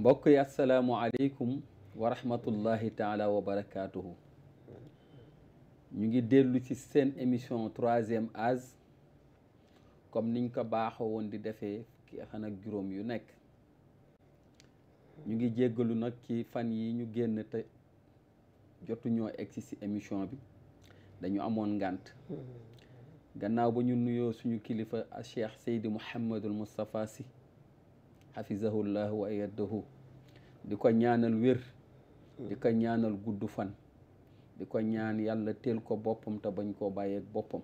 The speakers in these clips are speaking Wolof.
mbokk yi assalaamu wa rahmatullahi taala wa ñu ngi dellu ci seen émission troisième âge comme niñ ko baaxoo woon di defee fukki fan ak juróom yu nekk ñu ngi jéggalu nag ci fan yi ñu génn te jotu ñoo egsi ci émission bi dañu amoon ngànt mm-hmm. gannaaw ba ñu nuyoo suñu kilifa Cheikh Seydi Mouhamadul Moustapha si xafizahu llahu wa ayadahu di ko ñaanal wér di ko ñaanal gudd fan di ko ñaan yàlla teel ko boppam te bañ koo bàyyeeg boppam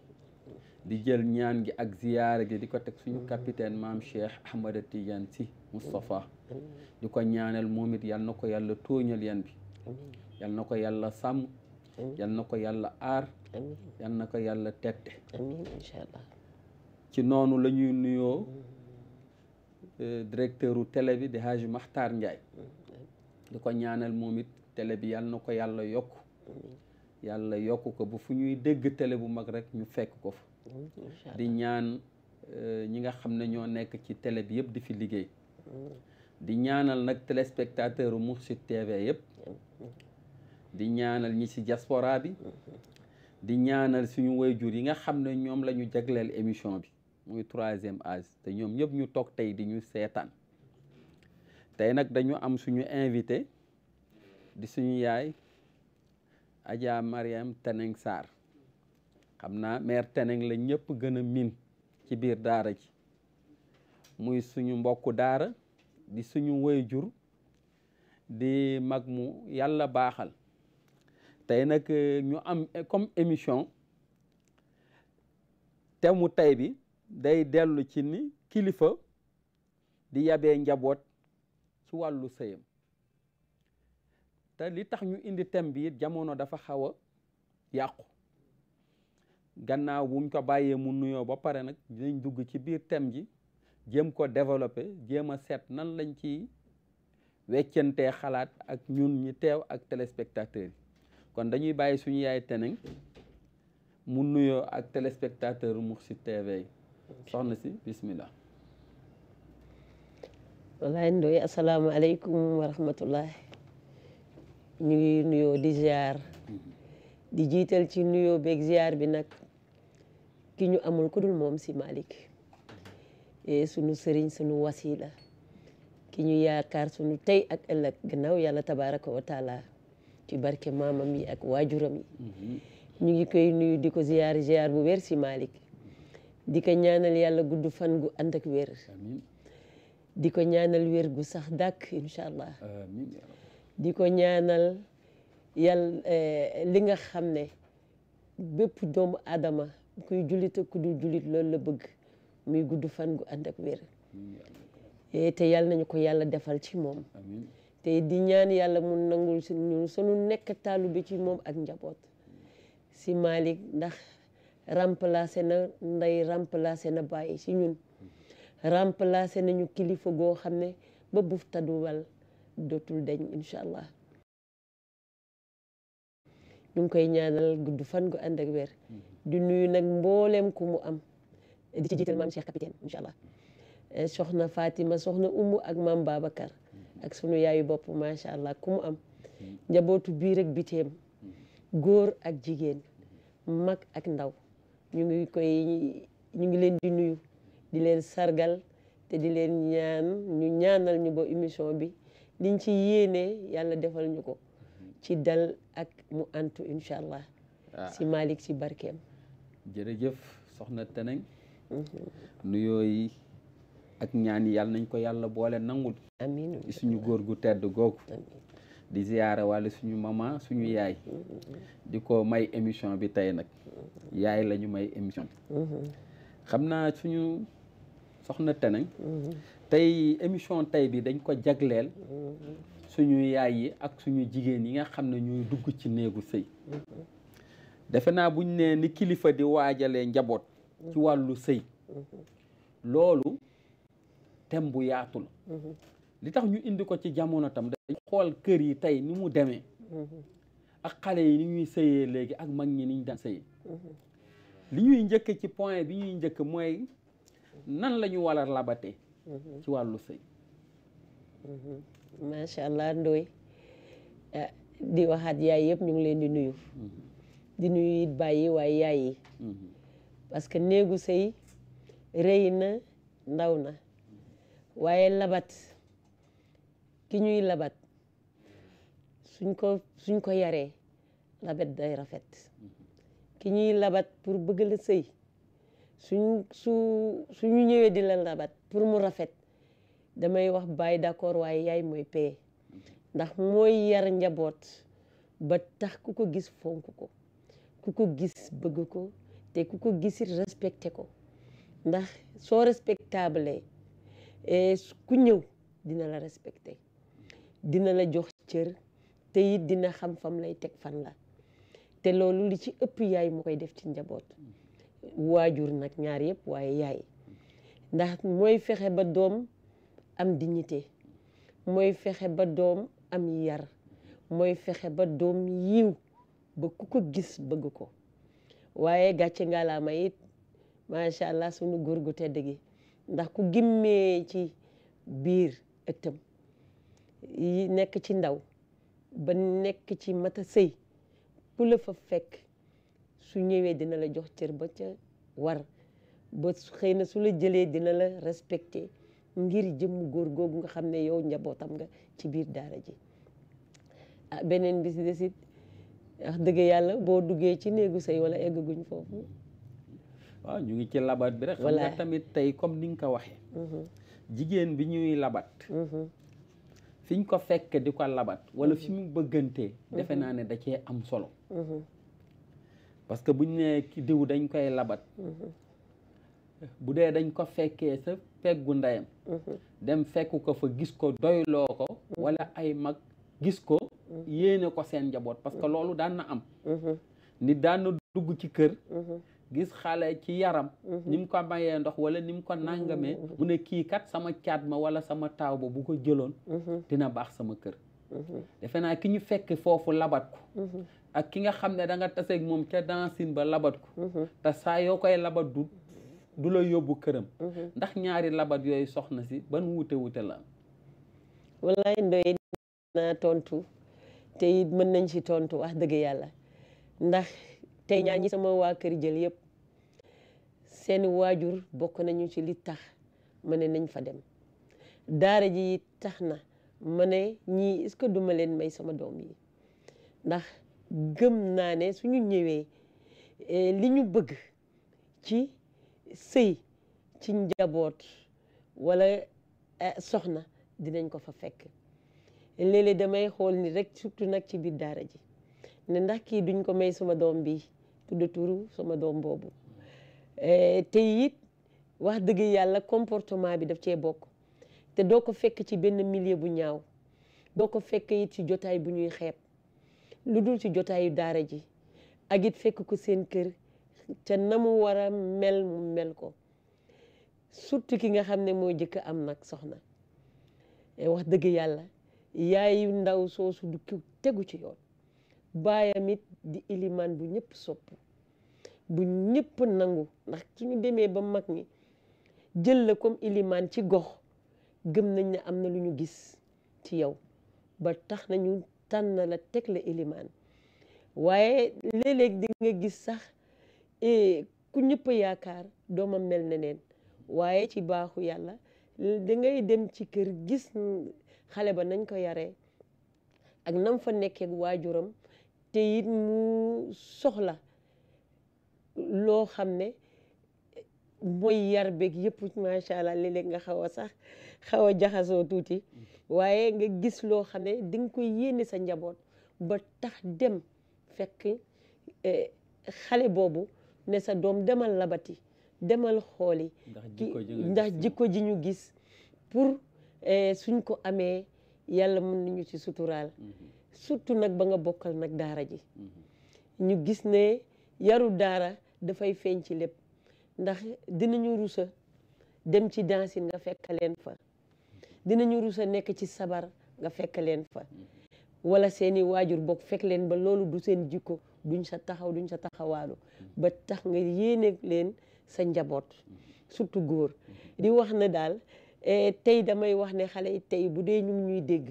di jël ñaan gi ak ziyaara gi di ko teg suñu capitaine maam Cheikh Ahmada Tidiane Sy di ko ñaanal moom it na ko yàlla tóoñal yan bi ko yàlla sàmm yal ko yàlla aar yal ko yàlla tette ci noonu la ñuy nuyoo directeur u télé bi di Haji Maxtaar Ndiaye di ko ñaanal moom it télé bi yàlla na ko yàlla yokk yàlla yokk ko ba fu ñuy dégg télé bu mag rek ñu fekk ko fa di ñaan euh, ñi nga xam ne ñoo nekk ci télé bi yëpp di fi liggéey mm. di ñaanal nag téléspectateur u Mourchid TV yëpp di ñaanal ñi ci diaspora bi mm-hmm. di ñaanal suñu wayjur yi nga xam ne ñoom la ñu jagleel émission bi muy troisième ase te ñoom ñëpp ñu toog tey di ñu seetaan tey nag dañu am suñu invité di suñu yaay Adja Mariam Teneng Sarr xam naa mère Teneng la ñëpp gën a miin ci biir daara ji muy suñu mbokk daara di suñu jur di mag mu yàlla baaxal tey nag eh, ñu am eh, comme émission thème mu tey bi day dellu ci ni kilifa di yabe njaboot ci wàllu sëyam te li tax ñu indi tem bii jamono dafa xaw a yàqu gannaaw buñ ko bàyyee mu nuyoo ba pare nag dinañ dugg ci biir tem ji jéem ko développé jéem a seet nan lañ ci weccante xalaat ak ñun ñi teew ak téléspectateurs yi kon dañuy bàyyi suñu yaay teneng mu nuyoo ak téléspectateur Mourchid TV yi soxna si bismillah walaay ndoy asalaamaaleykum wa rahmatullah ñu ngi nuyoo di ziar di jiital ci nuyoo beeg ziar bi nag ki ñu amul ku dul moom si Malick e, sunu sëriñ sunu wasila ki ñu yaakaar sunu tey ak ëllëg gannaaw yàlla tabaraka wa taala ci barke maamam yi ak waajuram yi mhm. ñu ngi di ko ziar ziar bu wér si Malick di ko ñaanal yàlla gudd fan gu ànd ak wér di ko ñaanal wér gu sax dàq incha di ko ñaanal yàlla eh, li nga xam ne bépp doomu aadama kuy jullit ak ku dul jullit loolu la bëgg muy gudd fan gu ànd ak wér eh, te yàlla nañu ko yàlla defal ci moom te di ñaan yàlla mu nangul suñu sunu nekk taalu bi ci moom ak njaboot si Malick ndax remplacé na ndey remplacé na bàyyi ci ñun remplacé nañu kilifa goo xam ne ba buuf taduwal dootul dañ incha allah ñu ngi koy ñaanal gudd fan gu ànd ak weer di nuyu nag mboolem ku am di ci jiital maam Cheikh capitaine incha allah eh, soxna Fatima soxna Umu ak maam Babacar ak sunu yaayu bopp macha allah ku am njabootu biir ak biteem góor ak jigéen mag ak ndaw ñu ngi koy ñu ngi leen di nuyu di leen sargal te di leen ñaan ñu ñaanal ñu ba émission bi liñ ci yéenee yàlla defal ñu ko ci dal ak mu antu incha allah ah. si Malick si barkeem jërëjëf soxna Teneng mhm. nuyoo yi ak ñaan yàlla nañ ko yàlla boole nangul amiin suñu góor gu tedd googu di ziyaara walla suñu maman suñu yaay di ko may émission bi tey nag yaay lañu may émission bi xam naa suñu soxna Teneng tey émission tey bi dañ ko jagleel suñu yaay yi ak suñu jigéen yi nga xam ne ñuy dugg ci néegu sëy defe naa buñ nee ni kilifa di waajalee njaboot ci wàllu sëy loolu thème bu yaatu la li tax ñu indi ko ci jamono tam xool kër yi tey ni mu demee ak xale yi ni ñuy sëyee léegi ak mag ñi niñ daan sëyee li ñuy njëkk ci point bi ñuy njëkk mooy nan la ñu war labate ci wàllu sëy macha allah ndooy eh, di waxaat yaay yëpp ñu ngi leen di nuyu di nuyu it bàyyi waaye yaay yi parce que néegu sëy rëy na ndaw na waaye labat ki ñuy labat suñ ko suñ ko yaree labat day rafet ki ñuy labat pour bëgg la sëy suñ su suñu ñëwee di la labat pour mu rafet damay wax bàyyi d'accord waaye yaay mooy paye ndax mooy yar njaboot ba tax ku ko gis fonk ko ku ko gis bëgg ko te ku ko gisit respecté ko ndax soo respectable eh, ku ñëw dina la respecté dina la jox cër te it dina xam fam lay teg fan la te loolu li ci ëpp yaay mu koy def ci njaboot waajur nag ñaar yëpp waaye yaay ndax mooy fexe ba doom am dignité mooy fexe ba doom am yar mooy fexe ba doom yiw ba ku ko gis bëgg ko waaye gàcce ngalaama it macha allah sunu góor gu tedd gi ndax ku gimmee ci biir ëttam yi nekk ci ndaw ba nekk ci mata sëy ku la fa fekk su ñëwee dina la jox cër ba ca war ba xëy na su la jëlee dina la respecté ngir jëm góor googu nga xam ne yow njabootam nga ci biir daara ji ah beneen bi si desit dëgg yàlla boo duggee ci néegu sëy wala eggaguñ foofu waaw ñu ngi ci labat bi rek xam nga tamit tey comme ni nga ko waxee mm-hmm. jigéen bi ñuy labat mm-hmm. fi ko fekkee di ko labat wala fi mhm. mu bëggantee defe mhm. naa ne da cee am solo mhm. parce que buñ ne ki diw dañ koy labat bu dee dañ ko fekkee sa peggu ndeyam dem fekk ko fa gis ko doyloo ko wala ay mag gis ko yéene ko seen njaboot parce que loolu daan na am nit daan na dugg ci kër gis xale ci yaram mhm. ni mu ko mayee ndox wala ni mu ko nàngamee mhm. mu ne kii kat sama caat ma wala sama taaw ba bu ko jëloon mhm. dina baax sama kër defe naa ki ñu fekk foofu labat ko ak ki nga xam ne danga nga taseeg moom ca dancine ba labat ko te saa yoo koy labat du du la yóbbu këram ndax ñaari labat yooyu soxna si ban wute wuute la am wallaay ndoy naa tontu te it mën nañ ci tontu wax dëgg yàlla ndax tey ñaan ñi sama waa kër jël yëpp seeni waajur bokk nañu ci li tax ma ne nañ fa dem daara ji tax na ma ne ñii est-ce que duma leen may sama doom yi ndax gëm naa ne suñu ñëwee eh, li ñu bëgg ci sëy ci njaboot walla eh, soxna dinañ ko fa fekk léeg-léeg damay xool ni rekk surtout nag ci biir daara ji ne ndax kii duñ ko may suma doom bii tudd turu suma doom boobu eh, te wax dëgg yàlla comportement bi daf cee bokk te doo ko fekk ci benn milieu bu ñaaw doo ko fekk it ci jotaay bu ñuy xeeb lu dul ci jotaayu daara ji ak it fekk ko seen kër te na mu war a mel mu mel ko surtout ki nga xam ne moo jëkk am nag soxna eh, wax dëgg yàlla yaayu ndaw soosu du tegu ci yoon baayam di ilimaan bu ñépp sopp bu ñëpp nangu ndax ki ñu demee ba mag ñi jël la comme ilimaan ci gox gëm nañ ne am na lu ñu gis ci yow ba tax nañu tànn la teg la ilimaan waaye léeg di nga gis sax eh, ku ñëpp yaakaar doomam mel na neen waaye ci baaxu yàlla da dem ci kër gis xale ba nañ ko yare ak nam fa nekkee waajuram te it mu soxla loo xam ne mooy yar beeg yëpp macha allah léeg nga xaw sax xaw a jaxasoo tuuti waaye nga gis loo xam ne dinga koy yéene sa njaboot ba tax dem fekk eh, xale boobu ne sa doom demal labati demal xooli ndax jikko ji ñu gis pour eh, suñ ko amee yàlla mën nañu ci suturaal mm-hmm. surtout nag ba nga bokkal nag daara ji mm-hmm. ñu gis ne yarul daara dafay feeñ ci lépp ndax dinañu rusa dem ci dansin nga fekk leen fa dinañu rusa nekk ci sabar nga fekk leen fa mm-hmm. wala seeni waajur bokk fekk leen ba loolu du seen jikko duñ sa taxaw duñ sa taxawaalu mm-hmm. ba tax nga yéene leen sa njaboot surtout góor di wax na daal eh, tey damay wax ne xale yi tey bu dee ñu ñuy dégg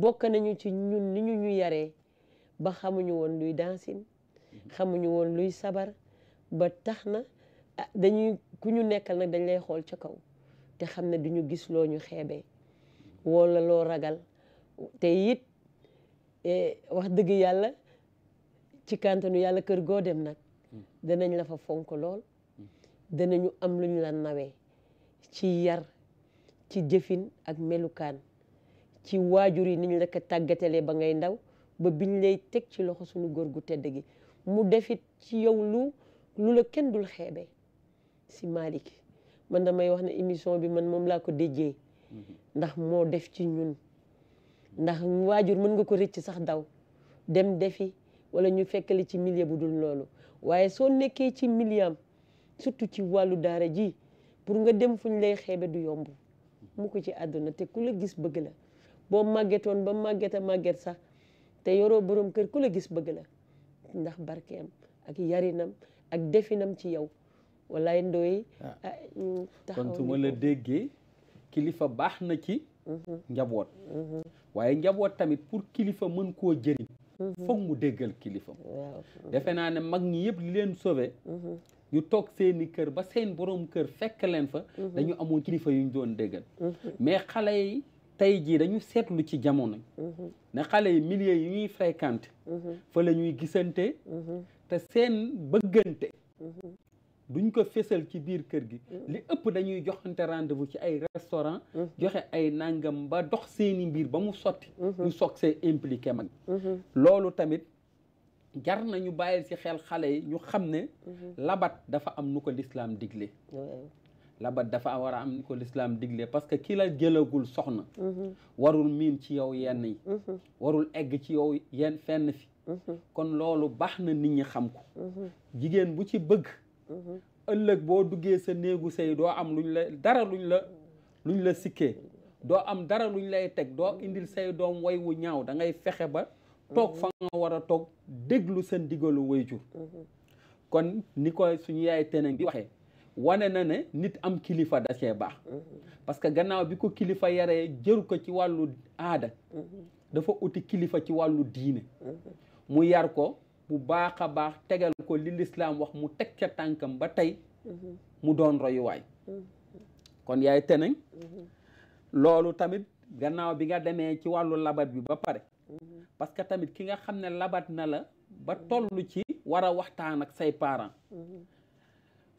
bokk nañu ci ñun ni ñu ñu yaree ba xamuñu woon luy dansin xamuñu woon luy sabar ba tax na ah, dañuy ku ñu nekkal nag dañ lay xool ca kaw te xam ne duñu gis loo ñu xeebee wala loo ragal te it eh, wax dëgg yàlla ci kàntanu yàlla kër goo dem nag dinañ la fa fonk lool dinañu am lu ñu la nawee ci yar ci jëfin ak melukaan ci waajur yi ni ñu ko tàggatalee ba ngay ndaw ba biñ lay teg ci loxo suñu góor gu tedd gi mu defit ci yow lu lu la kenn dul xeebe si Malick man damay wax ne émission bi man moom laa ko déjee mm-hmm. ndax moo def ci ñun ndax waajur mën nga ko rëcc sax daw dem defi wala ñu fekkale ci milieu bu dul loolu waaye soo nekkee ci milieu surtout ci wàllu daara ji pour nga dem fuñ lay xeebe du yomb mm-hmm. mu ko ci àdduna te ku la gis bëgg la boo màggetoon ba màgget a màgget sax te yoroo boroom kër ku la gis bëgg la ndax barkeem ak yarinam ak definam ci yow walaay ndooy ah. Ah, mm, taxaw kon su ma déggee kilifa baax na ci mhm. njaboot mhm. waaye njaboot tamit pour kilifa mën koo jëriñ mhm. foog mu déggal kilifa defe naa ne mag ñi yëpp leen sauvé ñu toog seeni kër ba seen borom kër fekk leen fa dañu amoon kilifa yu ñu doon déggal mais xale yi tey jii dañu seetlu ci jamono. Mhm. ne xale yi milieu yi ñuy fréquenté. Mhm. fa lañuy ñuy gisante. Mhm. te seen bëggante. duñ ko fésal ci biir kër gi. li ëpp dañuy joxante rendez-vous ci ay restaurant joxe ay nangam ba dox seeni mbir ba mu sotti. ñu soog see mag. loolu tamit jar nañu bàyyil ci xel xale yi ñu xam ne. labat dafa am nu ko lislaam digle. labat dafa war a am ni ko lislaam digle parce que ki la jëlagul soxna mhm. warul miin ci yow yenn yi mhm. warul egg ci yow yenn fenn fi mhm. kon loolu baax na nit ñi xam ko jigéen bu ci bëgg ëllëg boo duggee sa néegu sëy doo am luñ la dara luñ la luñ la sikkee doo am dara luñ lay teg doo indil say doom way wu ñaaw da ngay fexe ba toog fa nga war a toog déglu sa ndigalu wayjur kon ni ko suñu yaay teneen bi waxee wane na ne nit am kilifa da cee baax parce que gannaaw bi ko kilifa yaree jër ko ci wàllu aada dafa uti kilifa ci wàllu diine mu yar ko bu baax a baax tegal ko li lislaam wax mu teg ca tànkam ba tey mu doon royuwaay kon yaay teneng loolu tamit gannaaw bi nga demee ci wàllu labat bi ba pare parce que tamit ki nga xam ne labat na la ba toll ci war a waxtaan ak say parent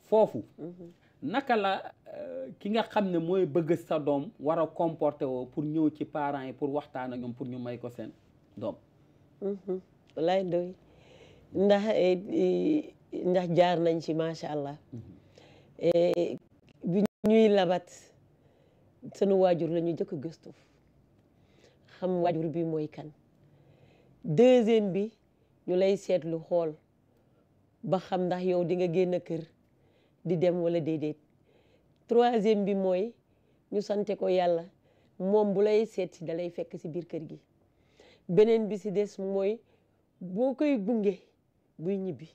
foofu mhm. naka la euh, ki nga xam ne mooy bëgg sa doom war a comporter woo pour ñëw ci parents yi pour waxtaan ak ñoom pour ñu may ko seen doom mhm. lay doy ndax eh, eh, ndax jaar nañ ci macha allah mhm. eh, bi ñuy labat sunu waajur la ñu jëkk gëstu xam waajur bi mooy kan deuxième bi ñu lay seetlu xool ba xam ndax yow di nga génn kër di dem wala déedéet troisième bi mooy ñu sante ko yàlla moom bu lay seet si dalay fekk si biir kër gi beneen bi si des mooy boo koy gunge buy ñibbi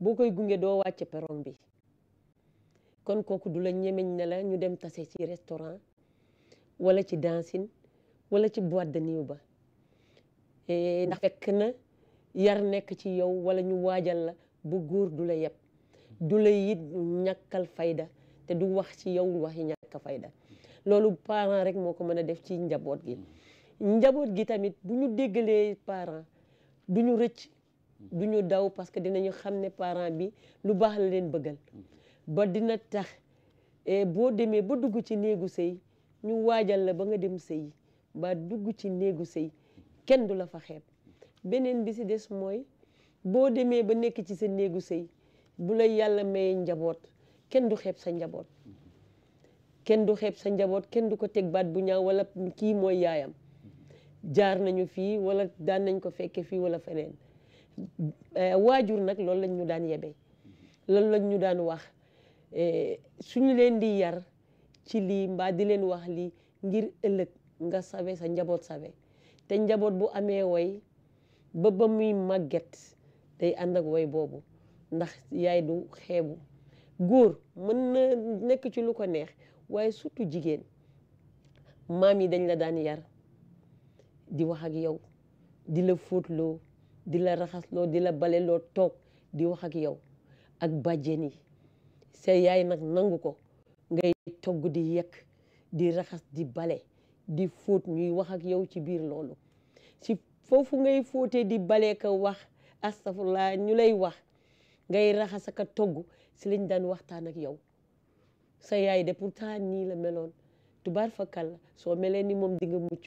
boo koy gunge doo wàcce peron bi kon kooku du la ñemeñ ne la ñu dem tase ci restaurant wala ci dancing wala ci boîte de nuit ba eh, ndax fekk na yar nekk ci yow wala ñu waajal la bu góor du la yeb du la it ñàkkal fayda te du wax ci yow waxi ñàkk fayda loolu parent rek moo ko mën a def ci njaboot gi njaboot gi tamit bu ñu déggalee parent du ñu rëcc du ñu daw parce que dinañu xam ne parent bi lu baax la leen bëggal ba dina tax e, boo demee ba dugg ci néegu sëy ñu waajal la ba nga dem sëy ba dugg ci néegu sëy kenn du la fa xeeb beneen bi si des mooy boo demee ba nekk ci seen néegu sëy bu lay yàlla mayee njaboot kenn du xeeb sa njaboot kenn du xeeb sa njaboot kenn du ko teg baat bu ñaaw wala kii mooy yaayam jaar nañu fii walla daan nañ ko fekkee fii wala feneen eh, waajur nag loolu lañ ñu daan yebe loolu lañ ñu daan wax eh, suñu leen di yar ci lii mbaa di leen wax lii ngir ëllëg nga sawe sa njaboot sawe te njaboot bu amee woy ba ba muy màgget day ànd ak woy boobu ndax yaay du xeebu góor mën na nekk ci lu ko neex waaye surtout jigéen maam yi dañ la daan yar di wax ak yow di la fóotloo di la raxasloo di la baleloo toog di wax ak yow ak bàjjen yi sa yaay nag nangu ko ngay togg di yekk di raxas di bale di fóot ñuy wax ak yow ci biir loolu si foofu ngay fóotee di bale ko wax astafurlaa ñu lay wax ngay raxas ak togg si lañ daan waxtaan ak yow sa yaay de pourtant nii la meloon tubaar fakal la soo melee ni moom dinga mucc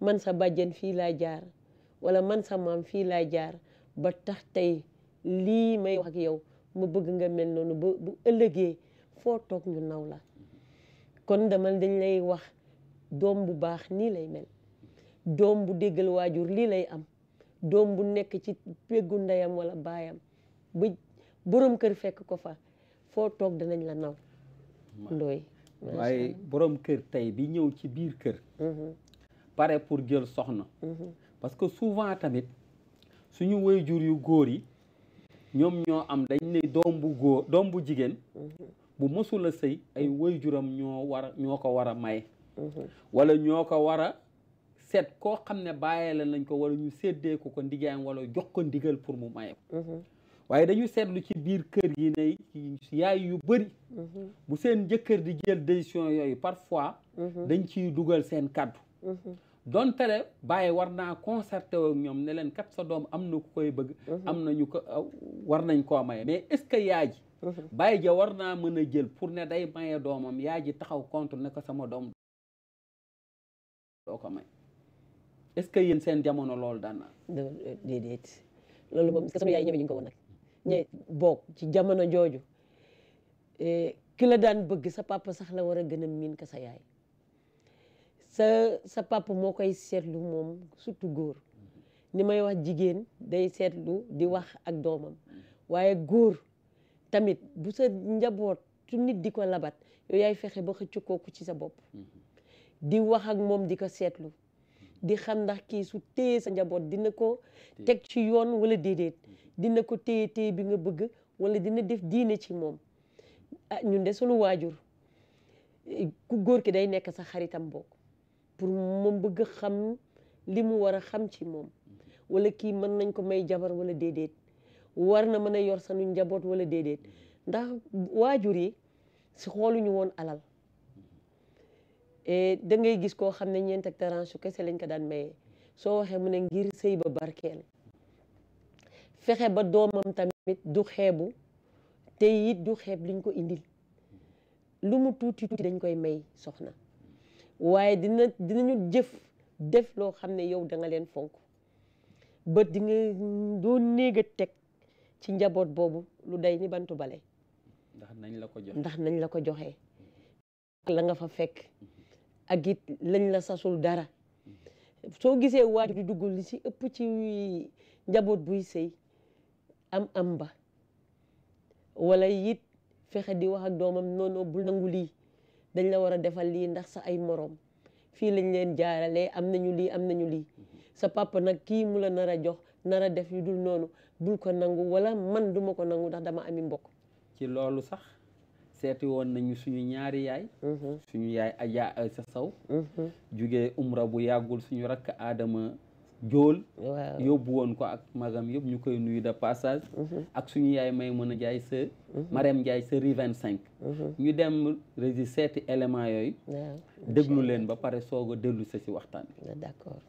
man sa bàjjen fii laa jaar wala man sa maam fii laa jaar ba tax tey lii may wax ak yow ma bëgg nga mel noonu ba bu ëllëgee foo toog ñu naw la kon damal dañ lay wax doom bu baax nii lay mel doom bu déggal waajur lii lay am doom bu nekk ci peggu ndeyam walla baayam borom kër fekk ko fa foo toog danañ la naw ndooy waaye boroom kër tey bi ñëw ci biir kër mhm. pare pour jël soxna mhm. parce que souvent tamit suñu jur yu góor yi ñoom ñoo am dañ ne doom bu góor doom bu jigéen mhm. bu mësul a sëy ay waajuram ñoo war ñoo ko war a may wala ñoo ko war a seet koo xam ne bàyyee la nañ ko wala ñu séddee ko ko ndigaayam wala jox ko ndigal pour mu maye waaye dañu seetlu ci biir kër yi ne yaay yu bëri mhm. bu seen jëkkër di jël décision yooyu parfois mhm. dañ ciy dugal seen kàddu mhm. donte ne bàyyi war naa concerté ak ñoom ne leen kat sa doom am na ku koy bëgg am na ñu ko euh, war nañ koo maye mais est-ce que yaay ji bàyyi ja war naa mën a jël pour ne day maye doomam yaay ji taxaw contre ne ko sama doom doo est-ce que yéen seen jamono loolu daan naa euh, déedéet loolu moom sama yaay ñeme ñu ko woon nag ñe bokk ci jamono jooju eh, ki la daan bëgg sa papa sax la war a gën a miin ka sa yaay sa sa papa moo koy seetlu moom surtout góor ni may wax jigéen day seetlu di wax ak doomam waaye góor tamit bu sa njaboot tu nit di ko labat yow yaay fexe ba xëcc kooku ci sa bopp di wax ak moom di ko seetlu di xam ndax kii su téye sa njaboot dina ko teg ci yoon wala déedéet dina ko téye téye bi nga bëgg wala dina def diine ci moom ah ñun de sunu waajur ku góor ki day nekk sa xaritam bokk pour moom bëgg xam li mu war a xam ci moom wala kii mën nañ ko may jabar wala déedéet war na mën a yor sanu njaboot wala déedéet ndax waajur yi si xooluñu woon alal e, da ngay gis koo xam ne ñeent ak taransu kese lañ ko daan mayee soo waxee mu ne ngir sëy ba barkeel fexe ba doomam tamit du xeebu te it du xeeb liñ ko indil lu mu tuuti tuuti dañ koy may soxna waaye dina dinañu jëf def loo xam ne yow danga leen fonk ba di nga doo néega teg ci njaboot boobu lu day ni bantu bale ndax nañ la ko joxe ndax nañ la ko joxee la nga fa fekk ak it lañ la sasul dara mm-hmm. soo gisee waajur di dugg li ci ëpp ci njaboot buy sëy am am ba wala it fexe di wax ak doomam noonu bul nangu lii dañ la war a defal lii ndax sa ay moroom fii lañ leen jaaralee am nañu lii am nañu lii sa papa nag kii mu la nar a jox nar a def yu dul noonu bul ko nangu wala man duma ko nangu ndax dama ami mbokk ci loolu sax seeti woon nañu suñu ñaari yaay mhm. suñu yaay Adja Aïssa euh, Sow mhm. jugee umra bu yàggul suñu rakk Adama jóol yóbbu woon ko ak magam yëpp ñu koy nuyu de passage mhm. ak suñu yaay may mën a jaay sa mhm. Marème Ndiaye sa rue cinq mhm. ñu dem régi seeti élément yooyu déglu leen ba pare soog a dellu sa si waxtaan bi ah, d'accord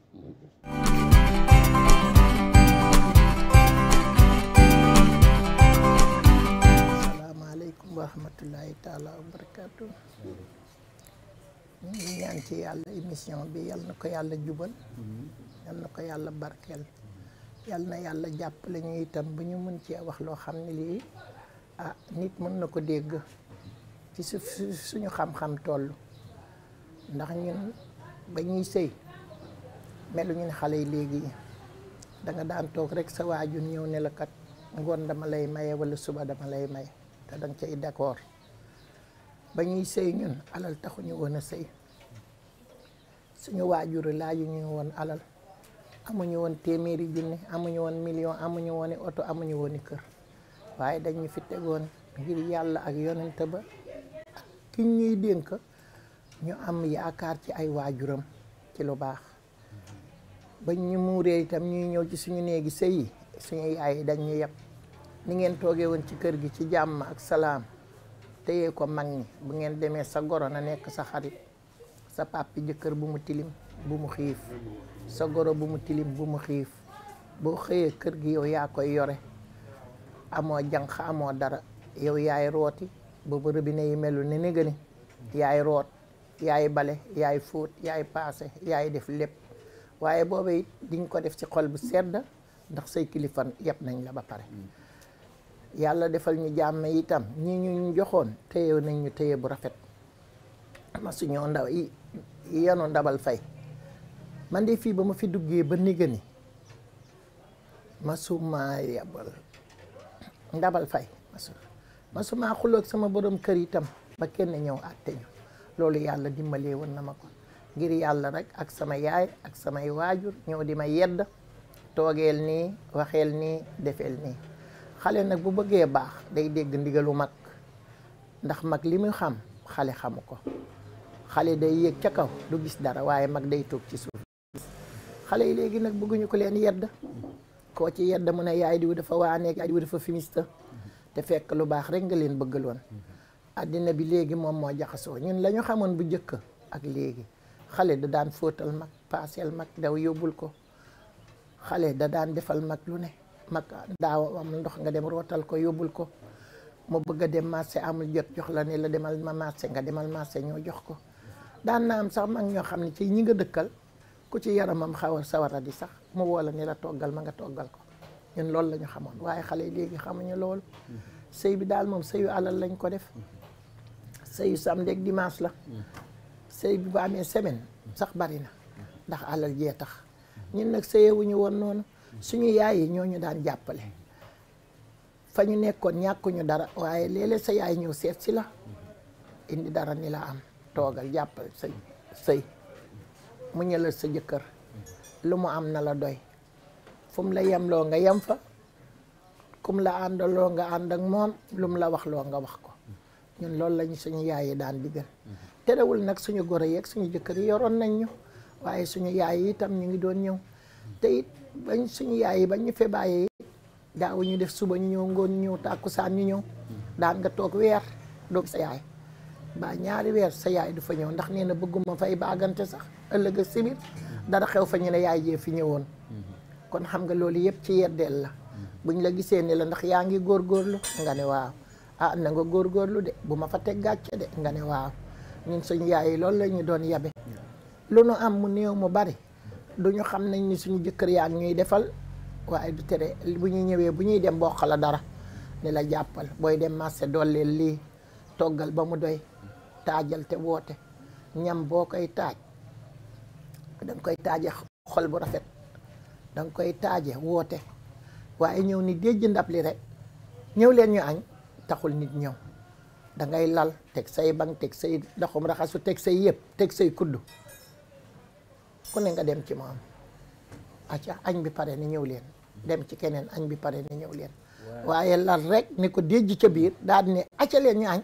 asalaamaaleykum wa rahmatullahi wa barakaatu ñu ñaan ci yàlla émission bi yàlla na ko yàlla jubal yal na ko yàlla barkeel yal na yàlla jàppale ñu itam bu ñu mën cee wax loo xam ne lii ah nit mën na ko dégg ci su suñu xam-xam toll ndax ñun ba ñuy sëy meluñu ne xale yi léegi da nga daan toog rek sa waajur ñëw ne la kat ngoon dama lay maye wala suba dama lay may te danga cay d'accord ba ñuy sëy ñun alal taxuñu woon a sëy suñu waajur laaju ñu woon alal amuñu woon téeméeri junne amuñu woon million amuñu woon i oto amuñu woon i kër waaye dañu fi tegoon ngir yàlla ak yonent ba ak ki ñuy dénk ñu am yaakaar ci ay waajuram ci lu baax ba ñu muuree itam ñuy ñëw ci suñu néegi sëy yi suñu yaay yi dañu yeb ni ngeen toogee woon ci kër gi ci jàmm ak salaam téye ko mag ñi bu ngeen demee sa goro na nekk sa xarit sa pàppi jëkkër bu mu tilim bu mu xiif sa goro bu mu tilim bu mu xiif boo xëyee kër gi yow yaa koy yore amoo jànq amoo dara yow yaay rooti boobu robinet yi melu ne ne gëni yaay root yaay bale yaay fóot yaay paase yaay def lépp waaye booba it diñ ko def ci xol bu sedd ndax say kilifa yëpp nañ la ba pare yàlla defal ñu jàmm itam ñi ñu joxoon téye nañ téye bu rafet ma suñoo ndaw yenu ndabal fay man de fii ba ma fi duggee ba néega ni masumaa yabal ndabal fay masu masumaa xuloog sama borom kër yi tam ba kenn ñëw àtte ñu loolu yàlla dimbalee woon na ma ko ngir yàlla rek ak sama yaay ak samay waajur ñëw di ma yedd toogeel nii waxeel nii defeel nii xale nag bu bëggee baax day dégg ndigalu mag ndax mag li muy xam xale xamu ko xale day yéeg ca kaw du gis dara waaye mag day toog ci suuf xale yi léegi nag bëgguñu ko leen yedd koo ci yedd mu ne yaay diw dafa waa waane yaay diw dafa finiste te fekk lu baax rek nga leen bëggaloon àddina bi léegi moom moo jaxasoo ñun la xamoon bu njëkk ak léegi xale da daan fóotal mag paaseel mag daw yóbbul ko xale da daan defal mag lu ne mag daaw am ndox nga dem rootal ko yóbbul ko mu bëgg a dem marché amul jot jox la ne la demal ma marché nga demal marché ñoo jox ko daan na am sax mag ñoo xam ne ci ñi nga dëkkal ku ci yaramam xaw a sawara di sax mu woo la ni la toggal ma nga toggal ko ñun loolu la xamoon waaye xale yi léegi xamuñu loolu sëy bi daal moom sëyu alal lañ ko def sëyu samedi ak dimanche la sëy bi bu amee semaine sax bari na ndax alal jee tax ñun nag sëyewuñu woon noonu suñu yaay yi ñoo ñu daan jàppale fa ñu nekkoon ñàkkuñu dara waaye léeg-léeg sa yaay ñëw seet si la indi dara ni la am toogal jàppal sëy sëy mu ñëlal sa jëkkër lu mu am na la doy fum la la yemloo nga yem fa kum la àndaloo nga ànd ak moom lu mu la wax loo nga wax ko ñun loolu lañu suñu yaay yi daan digal terewul nag suñu goro yeeg suñu jëkkër yi yoroon nañ ñu waaye suñu yaay yi itam ñu ngi doon ñëw te it bañ suñu yaay yi bañ ñu fe bàyyee daaw ñu def suba ñu ñëw ngoon ñëw tàkku tàkkusaan ñu ñëw daan nga toog weer doo sa yaay ba ñaari weer sa yaay du fa ñëw ndax nee na bëgguma fay baggante sax ëllëg a biir dara xew fa ñu ne yaay jee fi ñëwoon kon xam nga loolu yëpp ci yeddeel la buñ la gisee ni la ndax yaa ngi góorgóorlu nga ne waaw ah na nga góorgóorlu de bu ma fa teg gàcce de nga ne waaw ñun suñu yaay yi loolu la ñu doon yabe lu nu am mu néew mu bari du ñu xam nañ ni suñu jëkkër yaa ñuy defal waaye du tere bu ñuy ñëwee bu ñuy dem mboq la dara ni la jàppal booy dem marché dolleel li toggal ba mu doy taajal te woote ñam boo koy taaj da koy taaje xol bu rafet danga koy taaje woote waaye ñëw ni déj ndab li rek ñëw leen ñu añ taxul nit ñëw dangay lal teg say bang teg say ndoxum raxasu teg say yëpp teg say kuddu ku ne nga dem ci moom acca añ bi pare ni ñëw leen dem ci keneen añ bi pare ni ñëw leen waaye lal rek ni ko déj ca biir daal ne leen ñu añ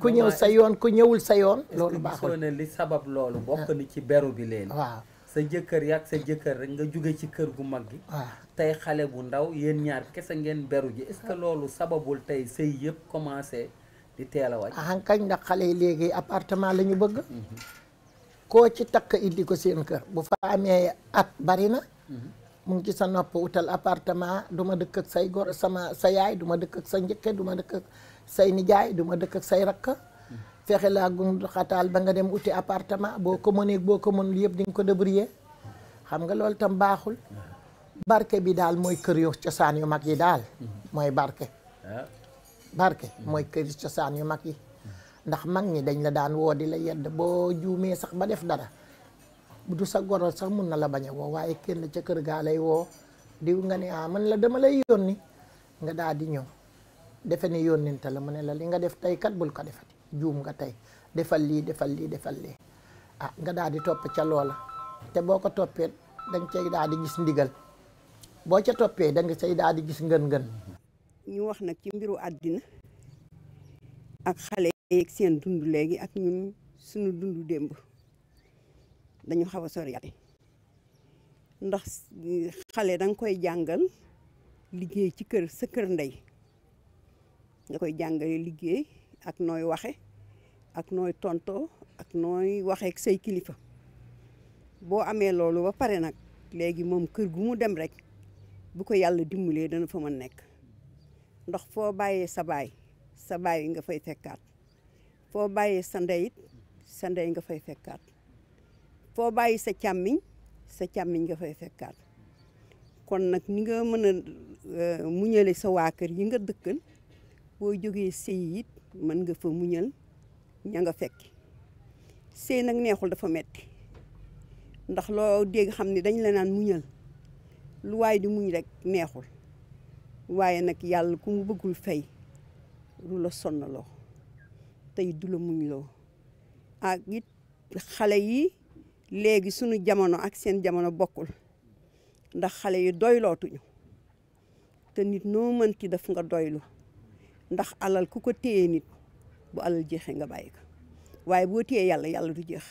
ku ñëw sa yoon ku ñëwul sa yoon. loolu baaxul ne li sabab loolu ah. bokk ni ci beru bi leen. waaw sa jëkkër yaak sa jëkkër rek nga jóge ci kër gu mag gi. waaw ah. tey xale bu ndaw yéen ñaar kese ngeen beru ji est ah. loolu sababul tey sëy yëpp commencé di teel a wàcc. ndax xale yi léegi appartement la ñu bëgg. Mhm. koo ci takk indi ko seen kër bu fa amee at bari na. Mhm. mu ngi ci sa nopp utal appartement du ma dëkk say gor sama sa yaay duma dëkk ak sa njëkke du ma dëkk ak say nijaay duma dëkk ak say rakk fexe laa gund xataal ba nga dem uti appartement boo ko mënee boo ko mënul yëpp di nga ko débrouiller xam nga loolu tam baaxul barke bi daal mooy kër yu cosaan yu mag yi daal mooy barke barke mooy kër yu cosaan yu mag yi ndax mag ñi dañ la daan woo di la yedd boo juumee sax ba def dara du sa goro sax mun na la bañ a woo waaye kenn ca kër gaa lay woo diw nga ne ah man la dama lay ni nga daal di ñëw defe ne yónnente la mu ne la li nga def tey kat bul ko defati juum nga tey defal lii defal lii defal lii ah nga daal di topp ca loola te boo ko toppee danga cay daal di gis ndigal boo ca toppee danga cay daal di gis ngën-ngën. ñu wax nag ci mbiru àddina ak xale yeeg seen dund léegi ak ñun suñu dundu démb dañu xaw a soriate ndax xale danga koy jàngal liggéey ci kër sa kër ndey. nga koy jàngale liggéey ak nooy waxe ak nooy tontoo ak nooy waxeek say kilifa boo amee loolu ba pare nag léegi moom kër gu mu dem rek bu ko yàlla dimbalee dana fa mën nekk ndox foo bàyyee sa baay sa baay nga fay fekkaat foo bàyyee sa ndey sa ndey nga fay fekkaat foo bàyyi sa càmmiñ sa càmmiñ nga fay fekkaat kon nag ni nga mën a euh, muñale sa waa kër yi nga dëkkal boo jógee sëy it mën nga fa muñal ña nga fekk sëy nag neexul dafa metti ndax loo dégg xam ni dañ la naan muñal lu waay di muñ rekk neexul waaye nag yàlla ku mu bëggul fay du la sonnaloo tey du la muñ ak it xale yi léegi sunu jamono ak seen jamono bokkul ndax xale yi doylootuñu te nit noo mënti daf nga doylu ndax alal ku ko téye nit bu alal jeexee nga bàyyi ko waaye boo téyee yàlla yàlla du jeex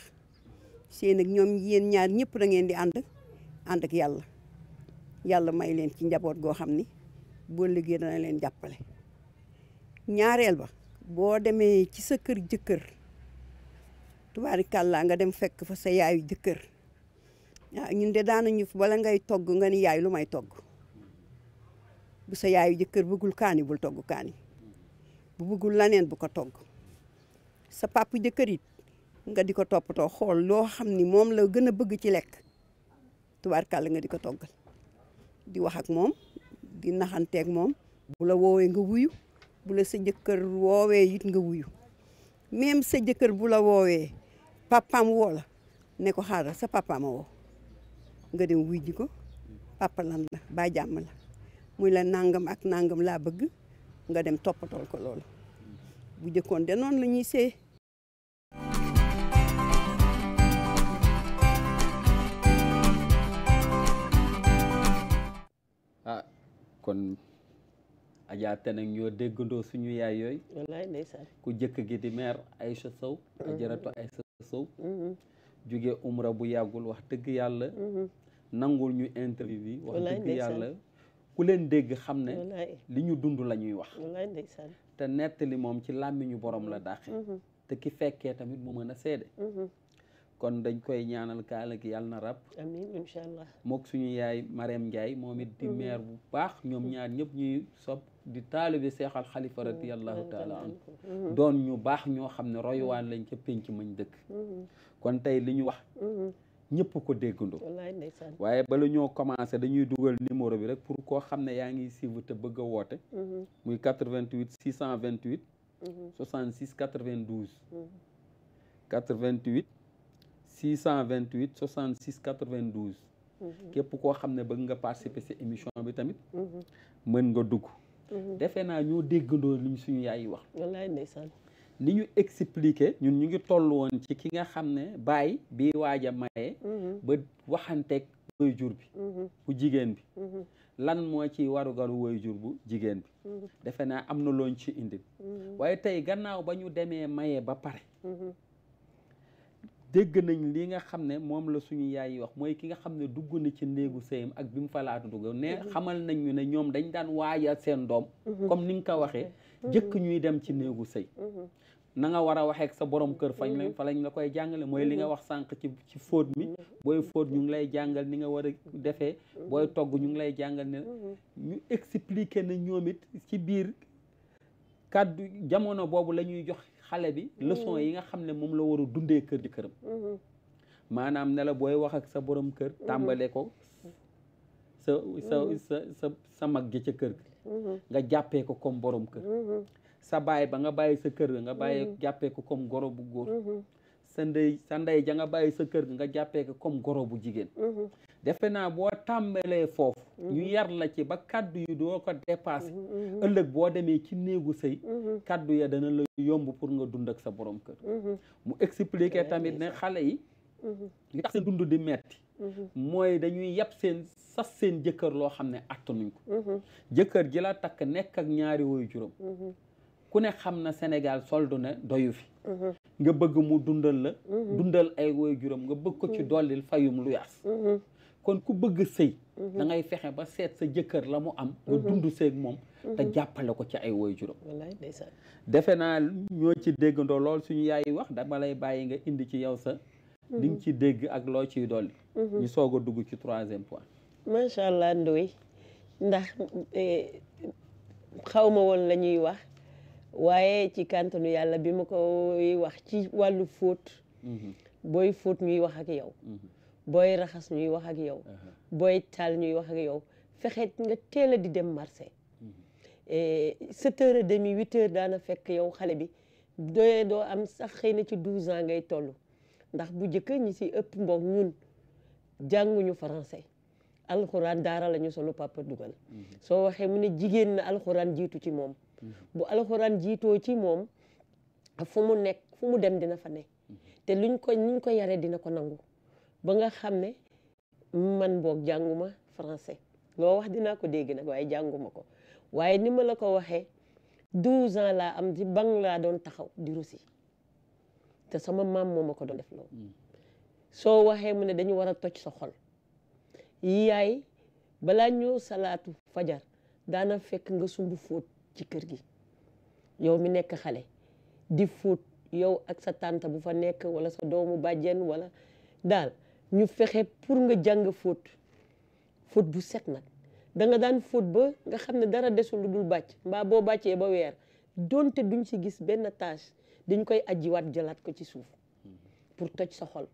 seen nag ñoom yéen ñaar ñëpp da ngeen di ànd ànd ak yàlla yàlla may leen ci njaboot goo xam ni boo liggéey dana leen jàppale ñaareel ba boo demee ci sa kër jëkkër tubaari kàllaa nga dem fekk fa sa yaayu jëkkër ah ñun de daanañu bala ngay togg nga ni yaay lu may togg bu sa yaayu jëkkër bëggul kaani bul togg kaani bu bëggul laneen bu ko togg sa papa jëkkër it nga di ko toppatoo xool loo xam ni moom la gën a bëgg ci lekk tubaarkàlla nga di ko togg di wax ak moom di naxanteeg moom bu la woowee nga wuyu bu la sa jëkkër woowee it nga wuyu même sa jëkkër bu la woowee papaam woo la ne ko xaaral sa papaama woo nga dem wuy ko papa la la ba jàmm la muy la nangam ak nangam laa bëgg nga dem toppatool ko loolu bu jëkkoon de noonu la ñuy see ah kon Adja Tene ñoo déggandoo suñu yaay yooyu ku jëkk gi di maire Aïcha Sow mm-hmm. ajaratu Aïcha Sow mm-hmm. jóge umra bu yàggul wax dëgg yàlla mm-hmm. nangul ñu interview yi wax dëgg yàlla ku leen dégg xam ne li ñu dund la ñuy wax te nettali moom ci làmmiñu boroom la dàqe mm-hmm. te ki fekkee tamit mu mën a seede mm-hmm. kon dañ koy ñaanal kaala gi yàlla na rab amiin mook suñu yaay Marème Ndiaye moom it di mm-hmm. maire bu baax ñoom ñaar ñëpp ñuy sob di taalibe seexal xalifa radiyallahu taala doon ñu baax ñoo xam ne royuwaan lañ ca pénc mañ dëkk kon tey li ñu wax ñëpp ko déggandoo waaye bala ñoo commencé dañuy dugal numéro bi rek pour koo xam ne yaa ngi suivre te bëgg a woote mhm. muy 88 628 66 92 88 628 66 92 képp koo xam ne bëgg nga participer ci émission bi tamit mhm. mën nga dugg mhm. defe naa ñoo déggandoo liñ suñu yaay wax ni ñu expliqué ñun ñu ngi toll woon ci ki nga xam ne baay bi waaja a mhm. ba waxanteeg woy jur bi mhm. bu jigéen bi mhm. lan moo ci warugaru woy jur bu jigéen bi defe naa am na looñ ci indi waaye tey gannaaw ba ñu demee maye ba pare dégg nañ li nga xam ne moom la suñu yaay yi wax mooy ki nga xam ne dugg na ci néegu sëyam ak bi mu fa laata dugg ne mhm. xamal nañ ñu ne ñoom dañ daan waajal seen doom mhm. comme ni nga ko waxee mhm. jëkk ñuy dem ci néegu sëy na nga war a waxee ak sa borom kër fañ la fa lañ la koy jàngale mooy li nga wax sànq ci ci fóot mi booy fóot ñu ngi lay jàngal ni nga war a defee booy togg ñu ngi lay jàngal ne ñu expliquer ne ñoom it ci biir kàddu jamono boobu la ñuy jox xale bi mm-hmm. leçon yi nga xam ne moom la war a dundee kër di këram mm-hmm. maanaam ne booy wax ak sa borom kër mm-hmm. tàmbale ko sa sa sa sa sa mag gi ca kër gi nga jàppee ko comme borom kër sa baay ba nga bàyyi sa kër nga bàyyi jàppee ko comme goro bu góor sa ndey sa ndey ja nga bàyyi sa kër nga jàppee ko comme goro bu jigéen defe naa boo tàmbalee foofu mhm. ñu yar la ci ba kaddu yu doo ko dépassé mhm, mhm, ëllëg boo demee ci néegu sëy kàddu ya dana la yomb pour nga dund ak sa borom kër mu expliquer tamit ne xale yi li tax seen dund di metti mooy dañuy yab seen sas seen jëkkër loo xam ne attanuñ ko jëkkër ji la takk nekk ak ñaari woyu juróom ku ne xam na Sénégal soldu ne doyu fi nga bëgg mu dundal la dundal ay woy juróom nga bëgg ko ci dollil fayum lu yaas kon ku bëgg sëy mhm. da ngay fexe ba seet sa jëkkër la mu am nga mhm. dund seeg moom mhm. te jàppale ko ci ay woy juróom wallaay ndeysaan defe naa ñoo ci déggandoo lool suñu yaay wax dama lay bàyyi nga indi ci yow sa di ci dégg ak loo ciy dolli ñu soog a dugg ci troisième point macha allah Ndoye ndax eh, xaw ma woon la ñuy wax waaye ci kàntanu yàlla bi ma koy wax ci wàllu fóot booy fóot ñuy wax ak yow booy raxas ñuy wax ak yow booy taal ñuy wax ak yow fexe nga teel di dem marché mhm. eh, sept heures et demi huit heures daana fekk yow xale bi doyee doo am sax xëy na ci douze ans ngay toll ndax bu jëkk ñi si ëpp mboog ñun jànguñu français alxuraan daara lañu ñu solo papa dugal mhm. soo waxee mu ne jigéen na alxuraan jiitu ci moom mhm. bu alxuraan jiitoo ci moom fu mu nekk fu mu dem dina fa ne te luñ ko niñ ko yaree dina ko nangu ba nga xam ne man boog jànguma français loo wax dinaa ko dégg nag waaye jànguma ko waaye ni ma la ko waxee douze ans laa am ci banc laa doon taxaw di Russie te sama maam moo ma ko doon def loolu mm. soo waxee mu ne dañu war a toj sa xol yaay balaa ñoo salaatu fajar daana fekk nga sumb fóot ci kër gi yow mi nekk xale di fóot yow ak sa tànta bu fa nekk wala sa doomu bàjjan wala daal ñu fexe pour nga jàng fóot fóot bu set nag danga daan fóot ba nga xam ne dara desul lu dul bàcc mbaa boo bàccee ba weer doon te duñ ci gis benn tâche dañ koy ajiwaat jalaat ko ci suuf pour toj sa xol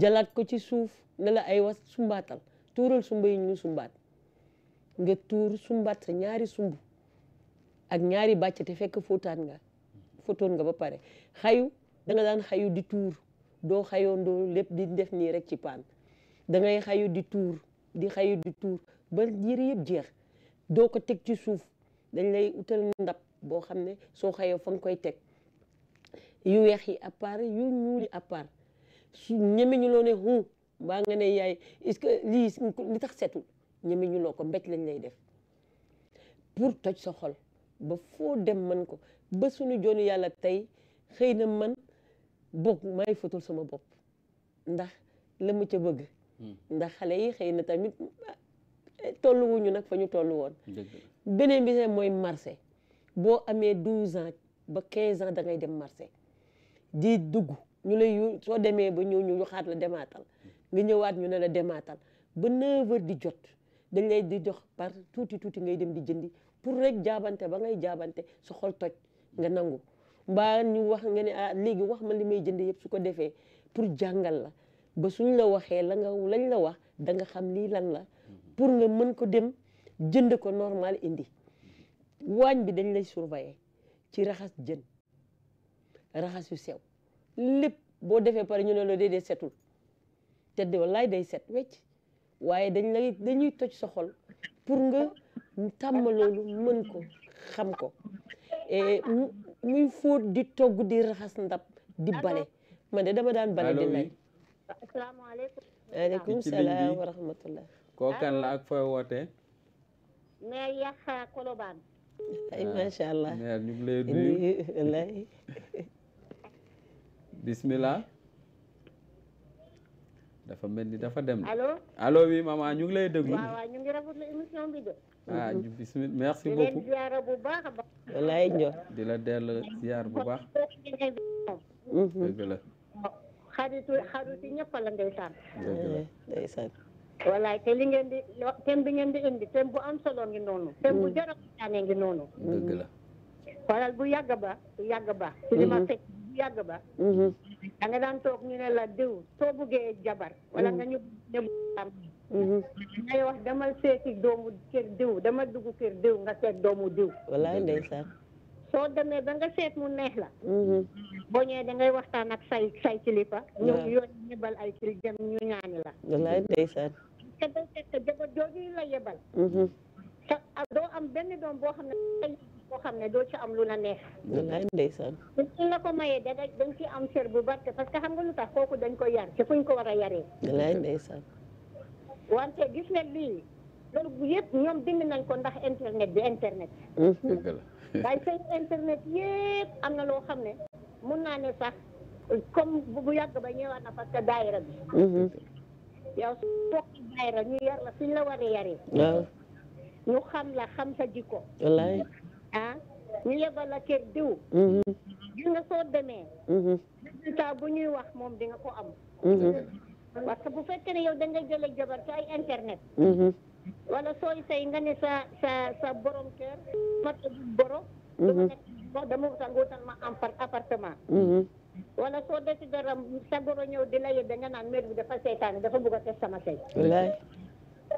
jëlaat ko ci suuf ne la ay was sumbaatal tuural sumba yi ñu sumbat nga tuur sumbaat sa ñaari sumb ak ñaari bàcc te fekk fóotaan nga fóotoon nga ba pare xayu danga daan xayu di tuur doo xayoon xayoondoo lépp di def nii rek ci paan da xayu di tuur di xayu di tuur ba yëre yëpp jeex doo ko teg ci suuf dañ lay utal ndab boo xam ne soo xayoo fa nga koy teg yu weex yi à part yu ñuul yi à part su ñeme loo ne hu mbaa nga ne yaay est-ce que lii li tax setu ñeme loo ko mbéj lañ lay def pour toj sa xol ba foo dem man ko ba suñu joonu yàlla tey xëy na man boog maay fotul suma bopp ndax la ma ca bëgg hmm. ndax xale yi xëy na tamit ah, tollu nag fa ñu tollu woon beneen bi se mooy marché boo amee douze ans ba quinze ans da ngay dem marché di dugg ñu lay yu soo demee ba ñëw ñu xaat la demaatal nga ñëwaat ñu ne la demaatal ba neuf di jot dañ lay di jox par tuuti tuuti ngay dem di jëndi pour rek jaabante ba ngay jaabante sa xol toj nga nangu mbaa ñu wax nga ne ah léegi wax ma li may jënd yëpp su ko defee pour jàngal la ba suñ la waxee la nga lañ la wax danga xam lii lan la pour nga mën ko dem jënd ko normal indi waañ bi dañ lay surveiller ci raxas jën raxas yu sew lépp boo defee pare ñu ne la déedee setul te de wallaay day set wecc waaye dañ lay dañuy toj soxol xol pour nga tàmm loolu mën ko xam ko ñuy fóot di togg di raxas ndab di bale man de dama daan bale di lay asalaamaaleykum aleykum salaam wa rahmatullah koo kan la ak fooy wootee mais yaxa kolobaan ay macha allah ah, ñu ngi lay nuyu bismillah dafa mel ni dafa dem allo allo oui maman ñu ngi lay ah, merci beaucoup wallaay Ndiol. di la dellu ziar bu baax. Mhm. dëgg la. xaritu xaritu ñëpp la ndeysaan. dëgg la eh, te li ngeen di thème bi ngeen di indi thème bu am solo ngi noonu. Mm. thème bu jar a ngi noonu. dëgg la. waral bu yàgg ba bu yàgg ba. su mm-hmm. li ma fekk bu yàgg ba. Mm-hmm. da nga daan toog ñu ne la diw soo buggee jabar. wala mm. nga ñu ne bu Mhm. ngay wax demal seeti doomu kër diw dama dugg kër diw nga seet doomu diw. wallaay ndeysaan. soo demee ba nga seet mu neex la. Mhm. boo ñëwee da ngay waxtaan ak say say kilifa. ñoom yoon yebal ay kil dem ñu ñaani la. wallaay ndeysaan. te day fekk jabar jooju la yebal. te mhm. doo am benn doom boo xam ne. boo xam ne doo ci am lu la neex. wallaay ndeysaan. suñ la ko mayee da dañ ci am cër bu barke parce que xam nga lu tax kooku dañ ko yar ci fuñ ko war a yaree. wallaay ndeysaan. wante gis na lii loolu yëpp ñoom dégg nañ ko ndax internet bi internet. dëgg la waaye internet yëpp am na loo xam ne mun naa ne sax comme bu yàgg ba ñëwaat na parce que daayira bi. yow su toog ci daayira ñu yar la suñ la waree yaree. waaw ñu xam la xam sa jikko. wallaay ah ñu yebal la kër diw. gis nga soo demee. résultat bu ñuy wax moom dinga ko am. parce que bu fekkee ne yow da ngay jëlee jabar ci internet. Mhm. wala sooy say nga ne sa sa sa borom kër mhm. mat a boro. dama dama wutal ma am mhm. wala so décidé ram sa goro ñëw di la yëg da nga naan mère bi dafa seytaane dafa bëgg a teg sama sëy.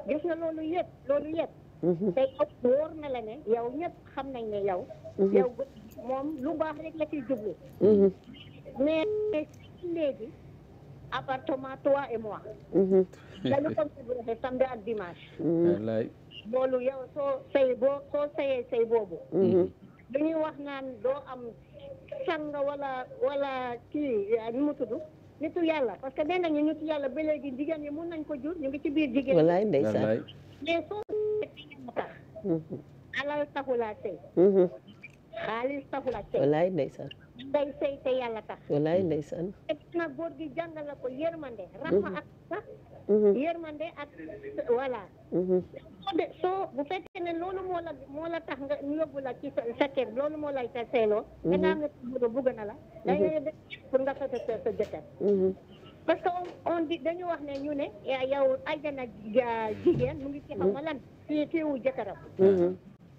gis nga loolu yëpp loolu yëpp. te yow wóor la ne yow ñëpp xam nañ ne yow. lu baax la ciy jublu. appartement toi et moi. dañu mhm. ko configurer samedi ak dimanche. Mhm. yow soo sëy boo soo sëyee boobu. Mhm. lu ñuy wax naan doo am sang wala wala kii nu mu tudd. nitu yàlla parce que nee nañu nitu yàlla ba léegi jigéen ñi mun nañ ko jur ñu ngi ci biir jigéen. wallaay ndeysaan mais soo tax. alal taxulaa sëy. xaalis taxulaa sëy. wallaay ndeysaan. day sëy te yàlla tax wallaay ndeysaan te nag góor gi jàngal la ko yërmande raxma mhm. ak sax mhm. yërmande voilà mhm. de soo bu fekkee ne loolu moo moo la tax nga yóbbu la ci sa kër loolu moo la ta seyloo da nga am ne bëgg bëgg na la day de pour nga sa sa sa jëkkër parce que on dit dañu wax ne ñu ne yow ajjana jigéen mu ngi ci xam ma lan fii fiiwu jëkkëram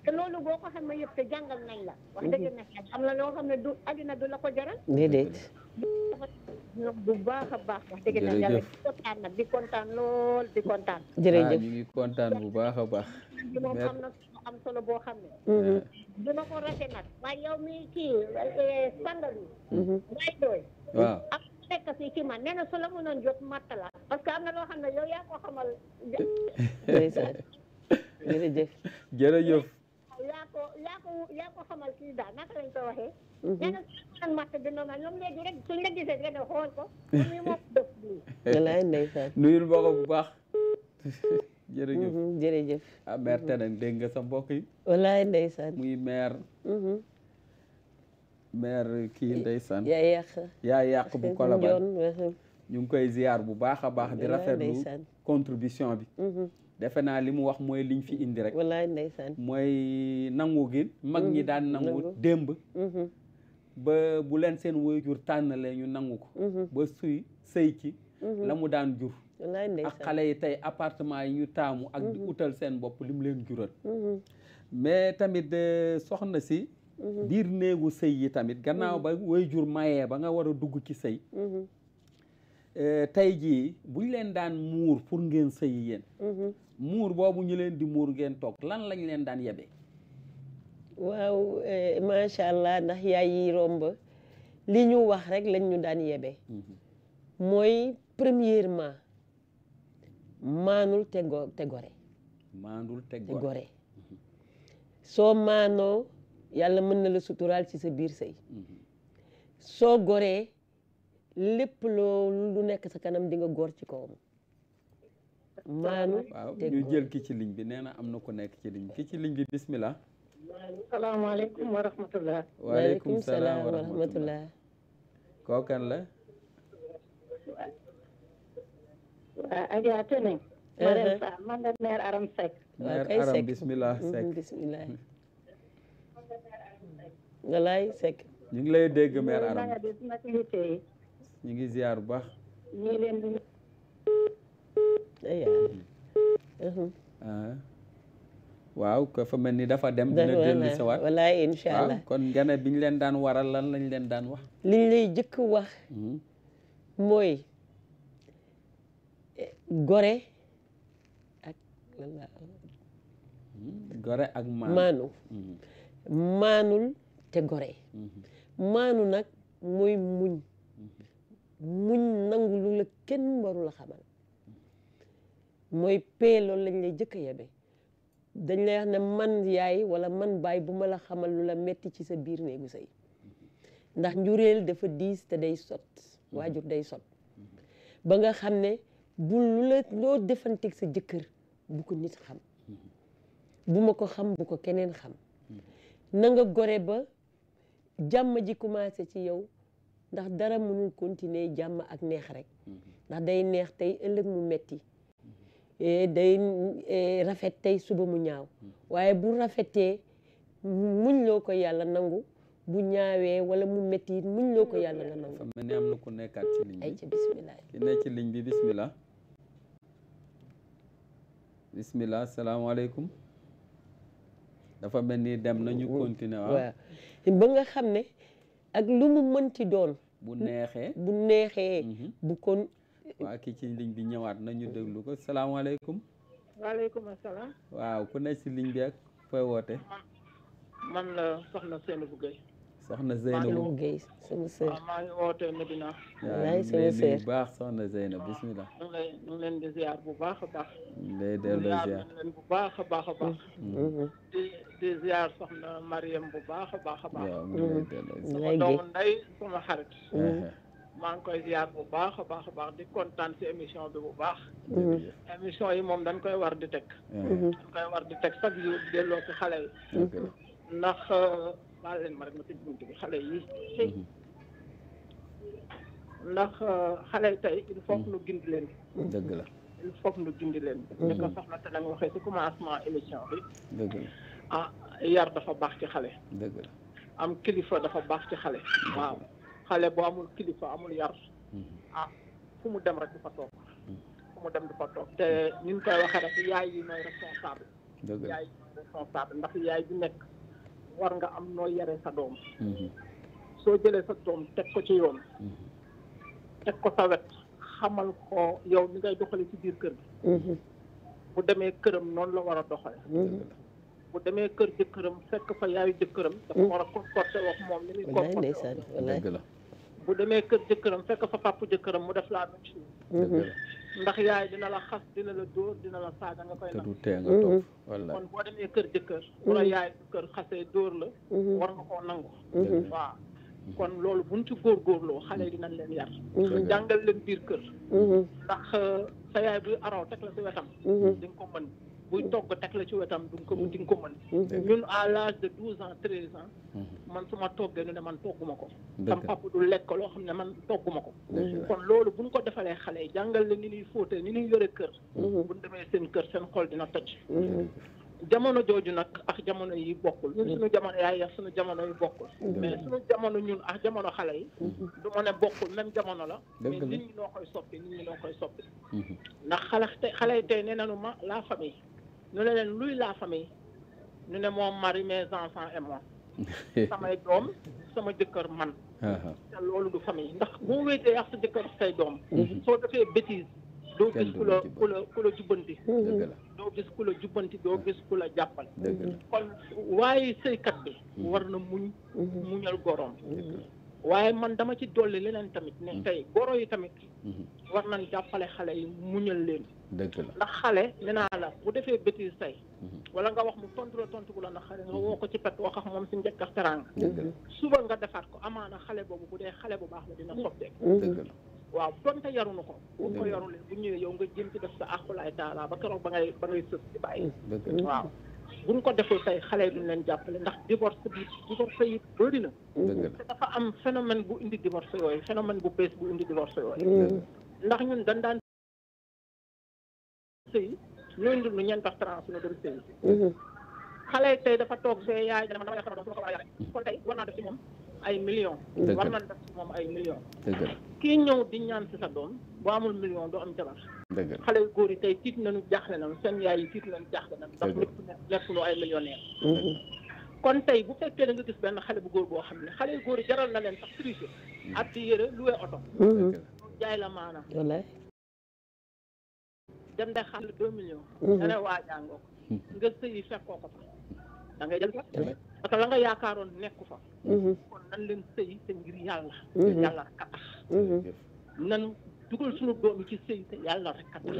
te loolu boo ko xamee yëpp te jàngal nañ la. wax dëgg mhm. na am loo xam ne du addina du la ko jaral. déedéet. bu baax a baax wax dëgg na yàlla di kontaan nag di kontaan lool di kontaan. jërëjëf ñu ngi kontaan bu baax a baax. moom am na am solo boo xam ne. Mhm. dina ko rase nag waaye yow mi kii eh, sàngal yi. Mhm. ngay doy. ak fekk fii ci man nee na su jot matt la parce que am na loo xam ne yow yaa ko xamal. jërëjëf yaa ko yaa kii daal naka lañ ko waxee. Mhm. nee na suñu màtt bi noonu ndeysaan. nuyul mbokk bu baax. jërëjëf mhm, jërëjëf. ah maire Tene dégg nga sa mbokk yi. walaay ndeysaan. muy maire. Mhm. maire kii ndeysaan. yaa yàq yaa yàq bu Colobane. ñu ngi koy ziar bu baax a baax. di rafetlu contribution bi. defe naa li mu wax mooy liñ fi indi rek. wallaay ndeysaan mooy nangu gi. mag ñi mhm, daan nangu démb. Mhm. ba bu leen seen jur tànnalee ñu nangu ko. Mhm. ba suy sëy ci. la mu daan jur. ak xale yi tey appartement yi ñu taamu. ak di utal seen bopp li leen jural. mais tamit euh, soxna si. biir néegu sëy yi tamit gannaaw ba waajur mayee ba nga war a dugg ci sëy. Euh, tey jii buñ leen daan muur pour ngeen sëy yéen. muur boobu ñu leen di muur ngeen toog lan lañ leen daan yebe waaw eh, macha allah ndax yaay yi romb li ñu wax rek lañ ñu daan yebe mhm. mooy premièrement maanul te go te gore maanul te gore mhm. soo maanoo yàlla mën na la suturaal ci sa biir sëy mhm. soo goree lépp loo lu nekk sa kanam di nga góor ci kawam maanu waaw ñu jël ki ci ligne bi nee na am na ku nekk ci ligne bi ci ligne bi bismillah salaamaaleykum wa rahmatullah waaleykum salaam wa rahmatullah kookan la waa Adja Teneng uh-huh. Marème Sarr Aram Seck mère Aram bismillah mhm, Seck walaay Seck ñu ngi lay dégg mère Aram ñu ngi ziar bu baax Uh-huh. Ah. waaw ko fa mel ni dafa dem dina dellu si waat walaay allah kon gane bi ñu leen daan waral lan lañ leen daan wax liñ lay jëkk wax mm-hmm. mooy eh, gore ak mm-hmm. gore ak maanu mm-hmm. maanul te gore maanu nag mooy muñ muñ nangu lu la kenn warul a xamal mooy pee loolu lañ lay jëkk a yabe dañ la wax ne man yaay wala man baay bu ma la xamal lu la metti ci sa biir néegu sëy ndax njuréel dafa diis te day sot waajur day sot ba nga xam ne bu lu la loo defanteeg sa jëkkër bu ko nit xam bu ma ko xam bu ko keneen xam na nga gore ba jàmm ji commencé ci yow ndax dara mënul continuer jàmm ak neex rek ndax day neex tey ëllëg mu metti Eh, day eh, rafet tey suba mu ñaaw waaye bu rafetee muñ loo ko yàlla nangu bu ñaawee wala mu métti it muñ loo ko yàlla nga nangu. xam ne am na ku nekkaat ci ligne bi ci bismillah ki ci ligne bi bismillah bismillah salaamaaleykum dafa mel ni dem nañu continuer ah. waaw ba nga xam ne ak lu mu mënti doon bu neexee bu neexee mhm. bu kon waa kii ci ligne bi ñëwaat na ñu déglu ko salaamaaleykum. waaleykum salaam. waaw ku nekk si ligne bi ak fooy woote. man la soxna Seynabou Gueye. soxna Seynabou Gueye suñu sœur. waaw maa ngi woote Medina. waay suñu sœur bu baax soxna Seyna bismillah. ñu ngi leen di ziar bu baax a baax. ñu ngi lay dellu ziar leen bu baax a baax a baax. Mm-hmm. di di ziar soxna Mariam bu baax a baax a baax. waaw ñu ngi lay dellu sama doomu ndey sama xarit. Mm-hmm. maa ngi koy ziar bu baax a baax a baax di kontaan si émission bi bu baax. Mhm. émission yi moom dañ koy war di teg. Mhm. dañ war di teg delloo si xale yi. Mhm. ndax euh, baal leen ma rek ma xale yi. ndax euh, xale yi tey il faut nu gindi leen. dëgg la il faut nu gindi leen. ñu ko soxla te da nga waxee si commencement émission bi. dëgg la ah yar dafa baax ci xale. dëgg la am kilifa dafa baax ci xale waaw. xale boo amul kilifa amul yar mm-hmm. ah, fu mu dem rek du fa toog mm-hmm. fu mu dem du fa toog te ni koy waxee rek yaay yi mooy responsable yaay yi ndax yaay bu nekk war nga am noo yare sa doom mm-hmm. soo jëlee sa doom teg ko ci yoon teg ko sa wet xamal ko yow mi ngay doxale ci biir kër gi bu demee këram noonu la war a doxale bu demee kër jëkkëram fekk fa yaayu jëkkëram dafa war a comporté wax moom ni nekk comporté bu demee kër jëkkëram fekk fa pàpp jëkkëram mu def la même ndax yaay dina la xas dina la dóor dina la saaga nga koy nangu kon boo demee kër jëkkër mm-hmm. bu la yaay kër xasee dóor la mm-hmm. war nga koo nangu waaw kon loolu buñ ci góorgóorloo xale yi mm-hmm. dinañ leen yar jàngal leen biir kër ndax euh, sa yaay buy araw teg la si wetam di ko mën buy togg teg la ci wetam du ko mun di nga ko mën mm-hmm. ñun à l'âge de douze ans treize ans mm-hmm. man su ma toggee ñu ne man togguma ko sam papa du lekk loo xam ne man togguma ko kon loolu bu buñ ko defalee xale yi jàngal la ni ñuy fóotee ni ñuy yore kër mm-hmm. buñ demee seen kër seen xool dina toj jamono jooju nag ak jamono yi bokkul ñun suñu jamono yaay ak suñu jamono yi bokkul mais suñu jamono ñun ak jamono xale yi du ma ne bokkul même jamono la mais nit ñi noo koy soppi nit koy soppi ndax xale xale yi tey nee nañu ma la famille ñu ne leen luy la famille ñu ne moom mari mes enfants et moi samay doom sama jëkkër man uh-huh. te loolu du famille ndax boo wéetee ak sa jëkkër say doom uh-huh. soo defee bêtise doo gis ku la ku la ku la jubbanti doo gis ku la jàppale doo gis kon waaye sëykat bi uh-huh. war na muñ muñal goroom waaye man dama ci dolli leneen tamit ne tey goro yi tamit war nañ jàppale xale yi muñal leen dëgg la ndax xale dinaa la bu defee bêtise tey. Mhm. wala nga wax mu tontu la tontu bu la naqari nga mhm. woo ko ci pet wax ak moom si njëkk ak teraanga. suba nga defaat ko amaana xale boobu bu dee xale bu baax la dina soppeeku. Mhm. waaw ko. bu ko yarulee bu ñëwee nga jëm ci def sa àqulaay taala ba keroog ba ngay ba ngay bàyyi. waaw buñ ko deful tey xale yi duñ leen jàppale ndax divorce bi divorce yi bëri na. te dafa am phénomène bu indi divorce yooyu phénomène bu bees bu indi divorce yooyu. ndax ñun dañ daan sëy ñooñu dund ñeent ak trans ñoo doon sëy mhm. xale tey dafa toog see yaay dama dama yàq sama doom sama yàq kon tey moom ay millions war naa di ñaan ci sa doom boo amul million doo am jabar xale yu góor yi tey tiit nañu jaaxle nañu seen yaay yi tiit nañu jaaxle nañu ndax lépp lekk lu ay millionnaire mhm. kon tey bu fekkee na nga gis benn xale bu góor boo xam ne xale yu góor yi jaral na leen sax tricher mhm. at di yëre loué oto jaay la maanaam dem de xaalis deux millions. Mhm. nga ne waajaangoo mhm. nga sëyi fekkoo ko fa. da ngay mhm. parce que la nga yaakaaroon nekku fa. kon nan leen sëyi te ngir yàlla. yàlla rek a tax. nan dugal suñu doom ci sëy te yàlla rek a tax.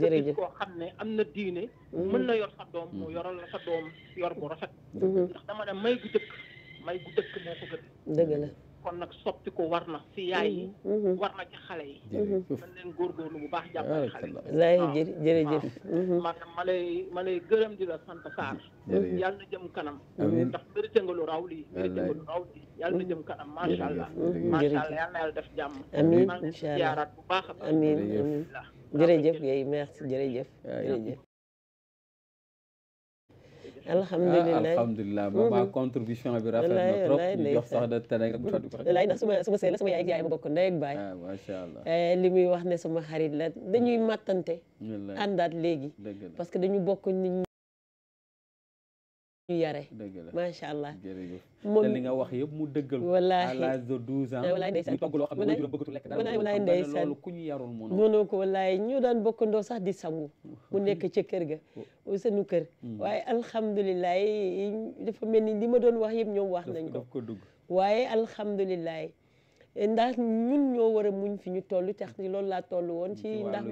jërëjëf koo xam ne am na diine. mën na yor sa doom mu yoral la doom yor bu rafet. ndax dama ne may gu dëkk may gu dëkk moo ko gën. kon nag soppi ko war na si yaay yi mm-hmm. Mm-hmm. war xale yi man mm-hmm. leen góorgóorlu bu baax jàppale xale yi lay jërëjëf maanaam ma lay ma lay gërëm di la sant Sarr yàlla na jëm kanam ndax mérité nga lu raw lii mérité nga lu na jëm kanam macha allah macha allah yàlla na yàlla def jàmm amiin maa ngi siyaaraat bu baax a baax jërëjëf yooyu merci jërëjëf jërëjëf Ah, alhamdulilah alhamdulilah ma mhm. contribution bi rafet na trop ñu jox sax da tene ak laay ndax suma suma sëy la suma yaay ak yaay ma bokk ndey ak baay ah, macha allah eh, li muy wax ne suma xarit la dañuy mm. màttante àndaat léegi parce que dañu bokk nit ñu yare macha allah moom li nga wax yëpp mu dëggal ko à l'âge de douze ans ñu loo xam ne wajuram bëggatul lekk dara walaay ndeysaan loolu ku ñu yarul mënoo ko walaay ñu daan bokkandoo sax di sangu mu nekk ca kër ga senu kër hmm. waaye alhamdulilah dafa mel ni li ma doon wax yëpp ñoom wax nañ ko ko dugg waaye alhamdulilah ndax ñun ñoo war a muñ fi ñu toll tax ni loolu laa toll woon ci ndax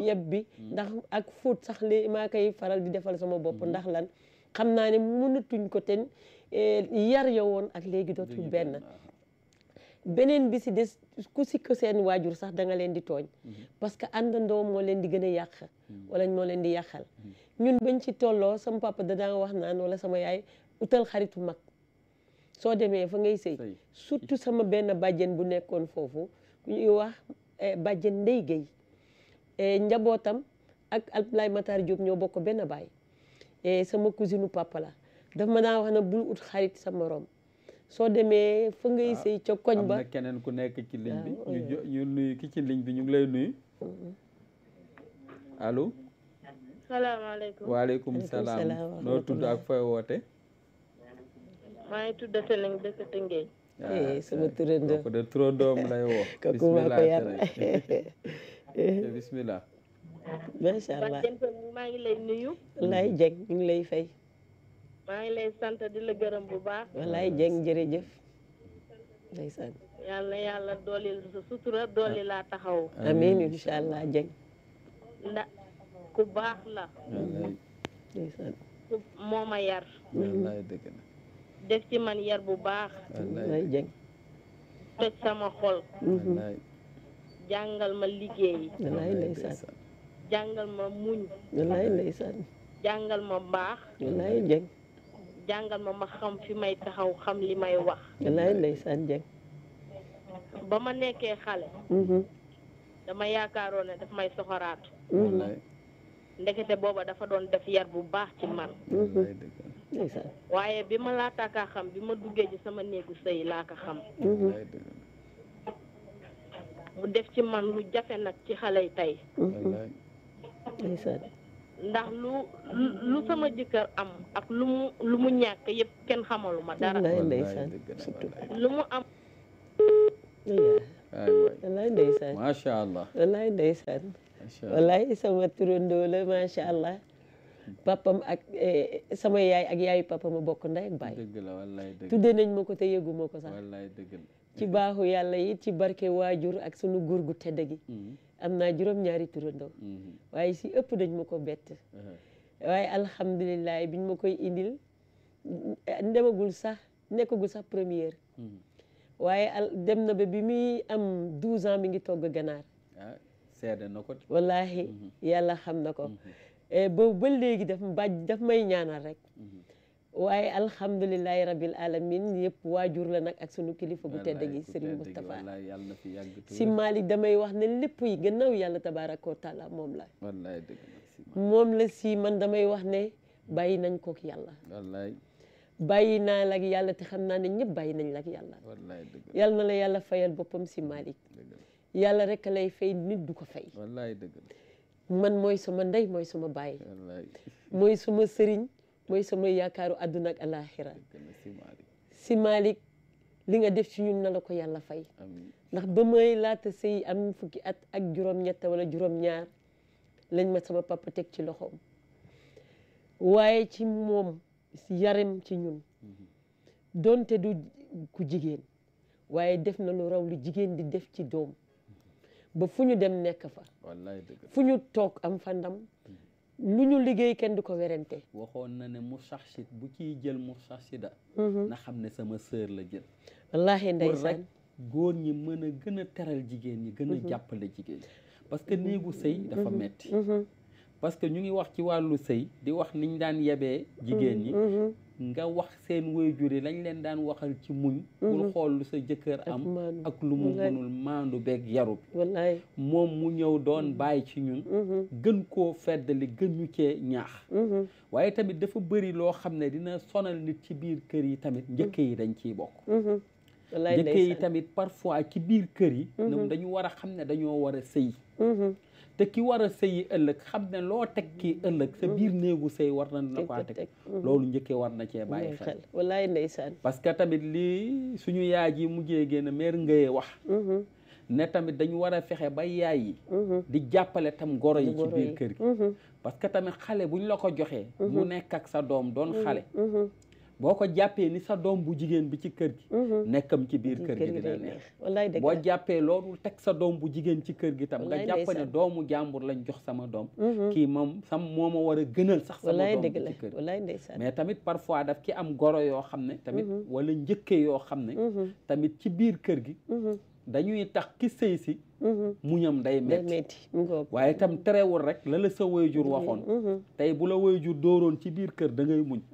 yeb bi ah. hmm. ndax ak fóot sax li maa koy faral di defal sama bopp hmm. ndax lan xam naa ne mënatuñ ko ten eh, yar ya woon ak léegi dootul benn ah. beneen bi si des ku si ko seen waajur sax da nga leen di tooñ mhm. parce que àndandoo moo leen di gën a yàq mhm. wala moo leen di yàqal mhm. ñun bañ ci tolloo sama papa da daan wax naan wala sama yaay utal xaritu mag soo demee fa ngay sëy surtout sama benn bàjjen bu nekkoon foofu ñuy wax eh, bàjjen Ndey Géy eh, njabootam ak Abdoulaye Matar Diop ñoo bokk benn baay Eh, sama cousine papa dafa ma daan wax na bul ut xarit sa morom soo demee fa ngay ah, sëy ca koñ ba am keneen ku nekk ci ligne bi ah, ñu ñu nuyu ki ci ligne bi ñu ngi lay nuyu mm-hmm. allo salaamaaleykum waaleykum salaam noo tudd ak fooy woote maa ngi tudd Sëlëng dëkk Tëngéej ah, eh, sama turandoo ko de turandoom lay woo ko yar bismillah macha allah maa ngi lay nuyu. wallaay Dieng ñu ngi lay fay. maa ngi lay sant di la gërëm bu baax. wallaay Dieng jërëjëf. ndeysaan. yàlla yàlla dooli sa sutura dooli laa taxaw. amiin incha allah Dieng. nda ku baax la. ndeysaan. ku yar. wallaay def ci man yar bu baax. wallaay Dieng. toj sama xol. Mhm. jàngal ma liggéey. jàngal ma muñ. wallaay ndeysaan. jàngal ma baax. wallaay Dieng. jàngal ma ma xam fi may taxaw xam li may wax. wallaay ndeysaan Dieng. ba ma nekkee xale. Mm-hmm. dama yaakaaroon ne daf may soxoraatu. Mm-hmm. ndekete booba dafa doon def yar bu baax ci man. Mm-hmm. waaye bi ma laata kaa xam bi ma duggee ci sama néegu sëy laa ko xam. mu def ci man lu jafe nag ci xale yi tey. ndax lu lu sama jëkkër am ak lu mu lu mu ñàkk yëpp kenn xamalu ma dara lu mu am wallaay ndeysaan macha allah wallaay ndeysaan wallaay sama turandoo la macha allah papam ak eh, sama yaay ak yaay papam a bokk ndey ak baay tudde nañ ma ko te yëguma ko sax ci baaxu yàlla yi ci barke waajur ak sunu góor gu tedd gi mm-hmm. am naa juróom-ñaari turandoo mhm. waaye si ëpp dañ ma ko bett waaye alhamdulilah biñ ma koy indil demagul sax nekkagul sax première mhm. waaye al dem na ba bi muy am 12 ans mi ngi togg ganaar ah, seede na ko wallaahi mhm. yàlla xam na ko eh, boobu ba léegi daf baj daf may ñaanal rek waaye alhamdulilahi rabil alamin yëpp waajur la nag ak sunu kilifa gu tedd gi Serigne Moustapha si Malick damay wax ne lépp yi gannaaw yàlla tabaaraka wa taala moom la moom la si man damay wax ne bàyyi nañ kook yàlla bàyyi naa la yàlla te xam naa ne ñëpp bàyyi nañ la ak yàlla yàlla na la yàlla fayal boppam si Malick yàlla rek lay fay nit du ko fay man mooy sama ndey mooy suma baay mooy sama sëriñ mooy samay yaakaaru àdduna ak alaaxira si Malick li nga def ci ñun na la ko yàlla fay ndax ba may laata sëy am fukki at ak juróom-ñett wala juróom-ñaar lañ ma sama papa teg ci loxoom waaye ci moom yarem ci ñun mm-hmm. doonte du ku jigéen waaye def na lu raw lu jigéen di def ci doom mm-hmm. ba fuñu dem nekk fa fu toog am fandam lu ñu liggéey kenn di ko werante waxoon na ne mustaxsit bu ciy jël mu mustaxsida mhm. na xam ne sama sœur la jël wallaahi ndeysaan góor ñi mën a gën a teral jigéen ñi gën a mhm. jàppale jigéen ñi parce que néegu sëy dafa mhm. metti parce que ñu ngi wax ci wàllu sëy di wax niñ daan yebee jigéen ñi Mm. nga wax seen waajur yi lañ leen daan waxal ci muñ pour mm-hmm. xool lu sa jëkkër am ak lu mu mënul maandu beeg yaru bi moom mu ñëw doon mm-hmm. bàyyi ci ñun mm-hmm. gën koo feddali gën ñu cee ñaax waaye tamit dafa bëri loo xam ne dina sonal nit ci biir kër yi tamit njëkk yi dañ ciy bokk njëkk yi tamit parfois ci biir kër yi ñoom dañu war a xam ne dañoo war a sëy te ki war a sëyi ëllëg xam ne loo teg kii ëllëg sa biir mm-hmm. néegu sëy war na na ko teg mm-hmm. loolu njëkkee war na cee bàyyi xel wallaay ndeysaan parce que tamit lii suñu yaay ji mujjee génn meer ngëye wax mm-hmm. ne tamit dañu war a fexe ba yaay yi di jàppale tam goro yi ci biir kër gi parce que tamit xale buñ la ko joxee mu nekk ak sa doom doon xale boo ko jàppee ni sa doom bu jigéen bi ci kër gi mhm. nekkam ci biir kër gi dina boo jàppee loolu teg sa doom bu jigéen ci kër gi tam nga jàpp ne doomu jàmbur lañ jox sama doom mhm. kii moom sam moo ma war a gënal sax sa doom bi ci kër gi mais tamit parfois daf ki am goro yoo xam ne tamit mhm. wala njëkke yoo xam ne tamit ci biir kër gi dañuy tax ki sëy si ñam day metti waaye tam terewul rek lala la sa waajur waxoon tey bu la jur dooroon ci biir kër da ngay muñ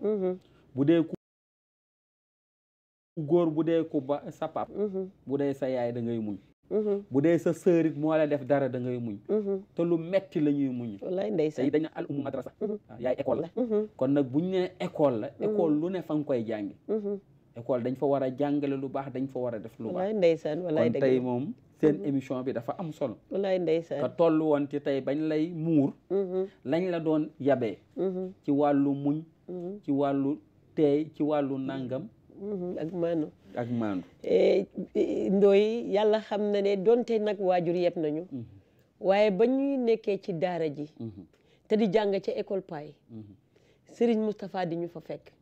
bu dee góor bu dee ku ba sa pap mm-hmm. bu dee sa yaay da ngay muñ mm-hmm. bu dee sa sœur it moo la def dara da ngay muñ mm-hmm. te lu metti la ñuy muñ wallaay ndeysaan dañu al umu madrasa ah, yaay école la kon nag bu buñ nee école la école lu ne fa nga koy jàngi école dañ fa war a jàngale lu baax dañ fa war a def lu baax wallaay ndeysaan wallaay dëgg kon tey moom seen émission bi dafa am solo wallaay ndeysaan toll woon ci tey bañ lay muur lañ la doon yabee ci wàllu muñ ci wàllu teey ci wàllu nàngam Mhm, ak maanu ak maanu eh, eh, ndooy yàlla xam na ne donte nag waajur yeb nañu mhm. waaye ba ñuy nekkee ci daara ji mhm. te di jàng ci école pay Serigne Moustapha di ñu fa fekk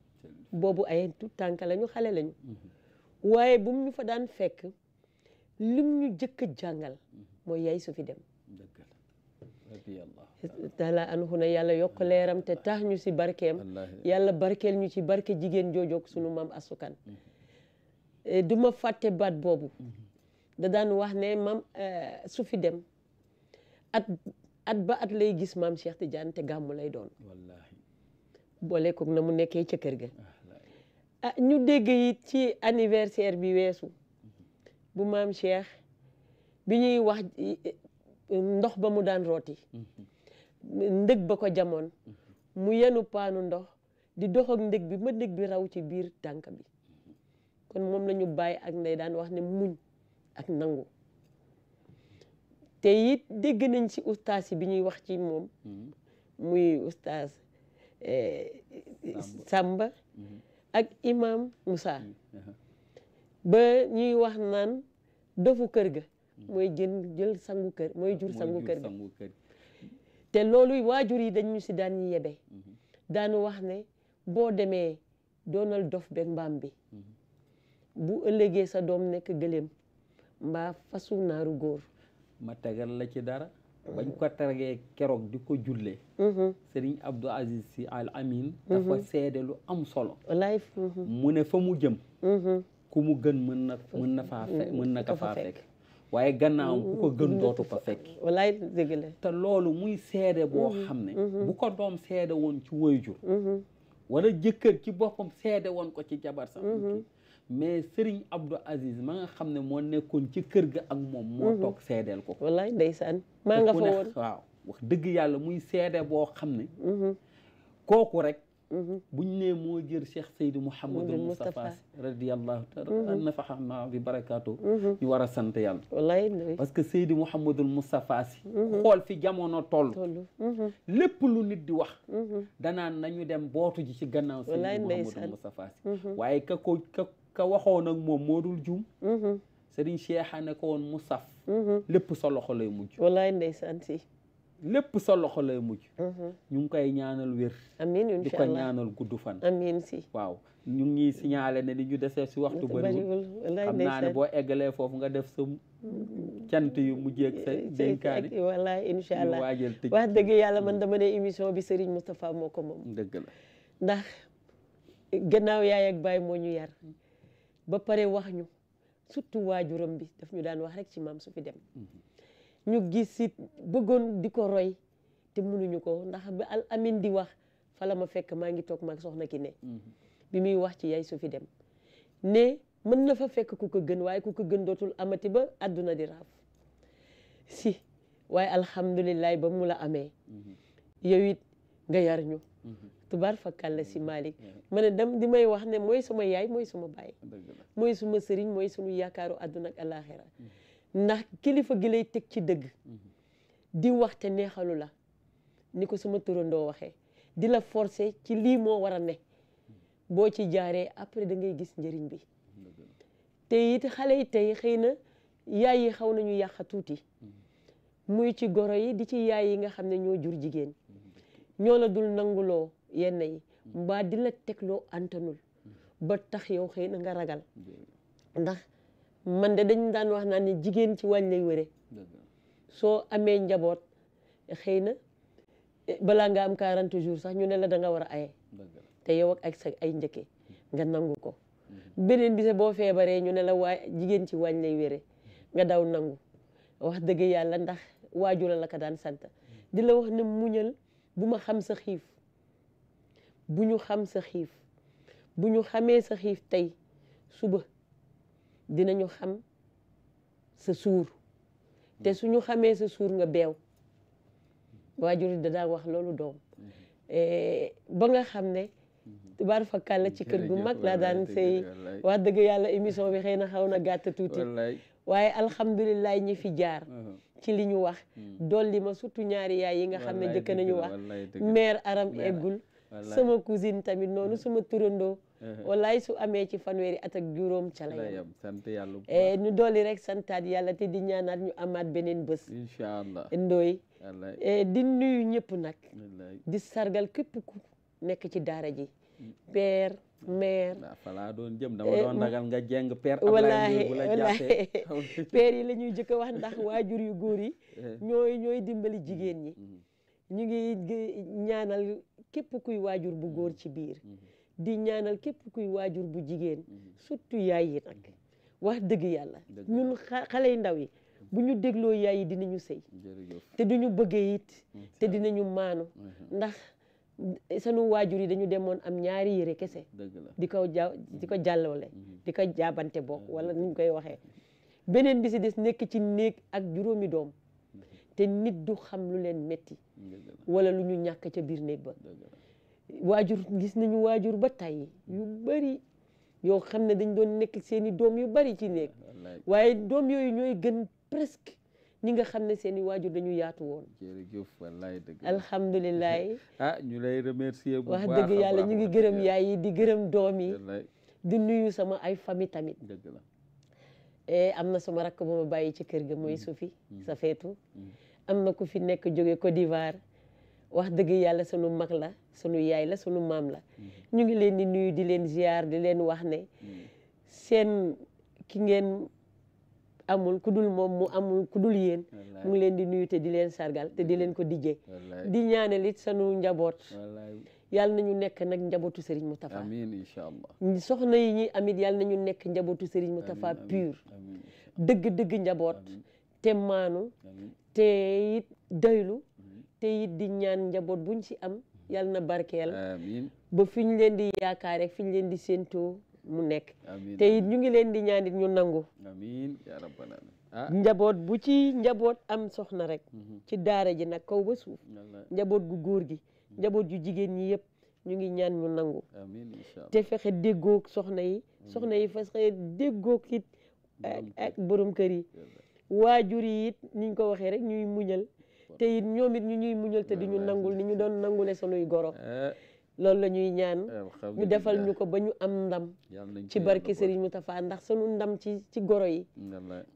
boobu ay tout tànk lañu xale lañu waaye bu ñu fa daan fekk lim ñu jëkk jàngal mooy yaay su fi dem taala anhu na yàlla yokk leeram te tax ñu si barkeem yàlla barkeel ñu ci barke jigéen joojoog sunu maam asukan mhm. eh, du ma fàtte bat boobu mhm. da daan wax ne maam eh, su fi dem at at ba at lay gis maam Cheikh Tidiane te gàmmu lay doon boole koog na mu nekkee ca kër ga ah, ah, ñu dégg it ci anniversaire bi weesu mhm. bu maam Cheikh bi wax ndox ba mu daan rooti mm-hmm. ndëg ba ko jamoon mm-hmm. mu yenu paanu ndox di dox ak ndëg bi ma ndëg bi raw ci biir tànk bi mm-hmm. kon moom lañu bàyyi ak ndey daan wax ne muñ ak nangu te it dégg nañ ci ustaas bi ñuy wax ci moom muy ustaas eh, sàmba ak imam Moussa ba ñuy wax naan dofu kër ga mooy jën jël sangu kër mooy jur sangu kër bi te loolu waajur yi dañu si daan yebe mhm. daanu wax ne boo demee doonal dof beeg mbaam bi mhm. bu ëllëgee sa doom nekk gëléem mbaa fasu naaru góor ma tegal la ci dara bañ ko tergee keroog di ko julle mhm. sëriñ Abdou Aziz si al amin dafa seede lu am solo mu ne fa mu jëm ku mu gën mën na na faa fekk mën na ko faa fekk waaye gannaaw ku ko gën dootu ko fekki te loolu muy seede boo mm-hmm. xam ne mm-hmm. bu ko doom seede woon ci waajur mm-hmm. wala jëkkër ci boppam seede woon ko ci jabar sax mais Serigne Abdou Aziz ma nga xam ne moo nekkoon ci kër ga ak moom moo toog seedeel ko wallaay ndeysaan maa nga dëgg yàlla muy seede boo xam ne kooku rek Mm-hmm. buñ nee moo jër Cheikh Seydou Mouhamadul Moustapha radiyallahu taala mm-hmm. nafaxa na bi barakaatu mm-hmm. ñu war a sant yàlla wallaay parce que Seydou u Moustapha si xool fi jamono toll lépp lu nit di wax danaan nañu dem bootu ji ci gannaaw Seydou Mouhamadul Moustapha si waaye ka ko ka ka moo dul juum Serigne Cheikh a ne ko woon Moustapha lépp sa lépp sa loxo lay mujj. Mhm. ñu ngi koy ñaanal wér. amiin incha allah di ko ñaanal gudd fan. amiin si waaw ñu ngi signalé ne li ñu desee si waxtu bëriwul. xam naa ne boo eggalee foofu nga def sa cant yu mujjee ak sa dénkaane. wallaay incha allah waajal tëj wax dëgg yàlla man dama ne émission bi Serigne Moustapha moo ko moom. dëgg la ndax gannaaw yaay ak baay moo ñu yar ba pare wax ñu surtout waajuram bi daf ñu daan wax rek ci maam su fi dem. Mhm. ñu gis it bëggoon di ko roy te mënuñu ko ndax al amin di wax fa la ma fekk maa ngi toog maag soxna ki ne mm-hmm. bi muy wax ci yaay su fi dem ne mën na fa fekk ku ko gën waaye ku ko gën dootul amati ba àdduna di raaf si waaye alhamdulilah ba mu la amee mm-hmm. yow it nga yar ñu mm-hmm. tubaar fakkal la si Malick ma ne dem di may wax ne mooy sama yaay mooy sama baay mooy suma sëriñ mooy sunu yaakaaru àdduna ak ndax kilifa gilay teg ci dëgg mm-hmm. di waxte neexalu la ni ko sama turandoo waxee di la forcer ci lii moo war a ne mm-hmm. boo ci jaaree après dangay gis njëriñ bi mm-hmm. te it xale yi tey xëy na yaay yi xaw nañu yàq tuuti muy ci goro yi di ci yaay nga xam ne ñoo jur jigéen ñoo la dul nanguloo yenn yi mbaa di la tegloo antanul ba tax yow xëy na nga ragal man de dañ daan wax naan ne jigéen ci waañ lay wére soo amee njaboot xëy na balaa nga am 40 jours sax ñu ne la da nga war a aye te yow ak ay njëkke nga nangu ko beneen bi boo feebaree ñu ne la waa jigéen ci waañ lay wére nga daw nangu wax dëgg yàlla ndax waajura la ka daan sant di la wax ne muñal bu ma xam sa xiif bu ñu xam sa xiif bu ñu xamee sa xiif tey suba dinañu xam sa suur te su ñu xamee sa suur nga beew waajur da daa wax loolu doom mm-hmm. eh, ba nga xam ne mm-hmm. tubaar fakkaal la ci kër gu mag laa daan sëy wax dëgg yàlla émission bi xëy na xaw na gàtt tuuti waaye alhamdulilah ñi fi jaar uh-huh. ci li ñu wax mm. dolli ma surtout ñaari yaay yi nga xam ne jëkk nañu wax mère aram eggul sama cousine tamit noonu mm. sama turandoo Uh-huh. wallaay su amee ci fanweeri at juróom ca yam sant yàlla eh, ñu dolli rek santaat yàlla te di ñaanaat ñu amaat beneen bés incha allah ndooy eh, di nuyu ñëpp nag di sargal képp ku nekk ci daara ji mm. père mère falaa doon jëm dama eh, doon ragal yi la ñuy jëkk a wax ndax waajur yu góor yi ñooy ñooy dimbali jigéen ñi mm. ñu ngi ñaanal képp kuy waajur bu mm. góor ci biir mm-hmm. di ñaanal képp kuy waajur bu jigéen mhm. surtout yaay yi nag mhm. wax dëgg yàlla ñun xale yu ndaw yi bu ñu dégloo yaay yi dinañu sey te duñu bëggee it te dinañu maanu mhm. ndax sanu waajur yi dañu demoon am ñaari yére kese di ko ja di ko jàllale di ko jaabante bokk wala nuñ koy waxee beneen bi si des nekk ci néeg ak juróomi doom te nit du xam lu leen metti wala lu ñu ñàkk ca biir néeg ba waajur gis nañu waajur ba tey yu bari yoo xam ne dañ doon nekk seeni doom yu bari ci nekk waaye doom yooyu ñooy gën presque ñi nga xam ne seeni waajur dañu yaatu woon jërëjëf wallaay dëgg alhamdulilah ah ñu dëgg yàlla ñu ngi gërëm yaay yi di gërëm doom yi nuyu sama ay famille tamit dëgg la eh, am na sama rakk bu ma bàyyi ci kër ga mooy mm. Sophie mm. Safeetu mm. am na ku fi nekk jóge Côte d'Ivoire wax dëgg yàlla sunu mag la sunu yaay la sunu maam la ñu ngi leen di nuyu di leen ziar di leen wax ne seen ki ngeen amul ku dul moom mu amul ku dul yéen mu ngi leen di nuyu te di leen sargal te di leen ko dijjee di ñaanal it sunu njaboot yàlla nañu nekk nag njabootu Serigne mu amiin incha allah soxna yi ñuy amit yàlla nañu nekk njabootu Serigne Moustapha pur dëgg-dëgg njaboot te maanu te it doylu te it di ñaan njaboot buñ ci am yal na barkeel ba fi leen di yaakaar rek fiñ leen di séentoo mu nekk te it ñu ngi leen di ñaan it ñu nangu ah. njaboot bu ci njaboot am soxna rek mhm. ci daara ji nag kaw ba suuf njaboot gu góor gi mhm. njaboot yu jigéen ñi yëpp ñu ngi ñaan ñu nangu te fexe déggoog soxna yi soxna yi fexe déggoog it ak borom kër yi waajur yi it niñ ko waxee rek ñuy muñal te it ñoom it ñu ñuy muñal te di ñu nangul ni ñu doon nangule sunuy goro eh. loolu la ñuy ñaan eh, ñu defal ñu ko ba ñu am ndam ci barke Serigne Moustapha ndax sunu ndam ci ci goro yi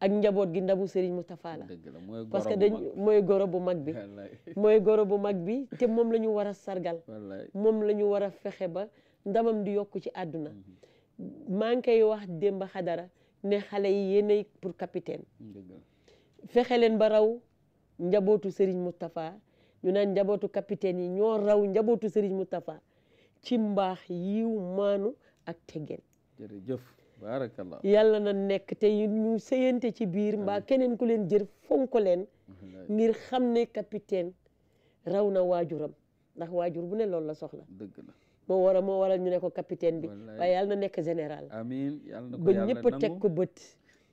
ak njaboot gi ndabu Serigne Moustapha la parce que dañ mooy goro bu mag bi mooy goro bu mag bi moom la ñu war a sargal moom la ñu war a fexe ba ndamam di yokk ci àdduna mhm. maa ngi koy wax démb xadara ne xale yi yéenay pour capitaine fexe leen ba raw njabootu Serigne Moustapha ñu naan njabootu capitaine yi ñoo raw njabootu Serigne Moustapha ci mbaax yiw maanu ak teggeel jërëjëf yàlla na nekk te ñu sëyante ci biir mbaa keneen ku leen jër fonk leen ngir xam ne capitaine raw na waajuram ndax waajur bu ne loolu la soxla dëgg moo waral moo waral ñu ne ko capitaine bi waaye yàlla na nekk général amiin ba ñëpp teg ko bët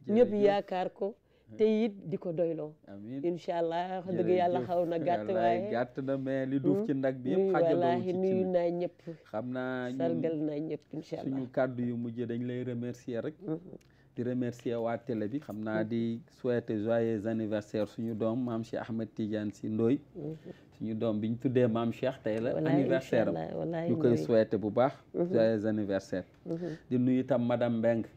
ñëpp yaakaar ko te it di ko doyloo amiin incha allah wax dëgg yàlla xaw na gàtt waaye gàtt na mais li duuf ci hmm. ndag bi yëpp xajaloo ci nuyu naa ñëpp xam naa sargal naa ñëpp incha allah suñu kàddu yu mujj dañ lay remercier rek hmm. di remercier waa télé bi xam naa di souhaiter joyeux anniversaire suñu doom maam Cheikh Ahmed Tidiane si ndoy hmm. suñu doom bi ñu tuddee maam Cheikh tey la anniversaire am ñu koy souhaiter bu baax joyeux anniversaire di nuyu tam madame Mbengue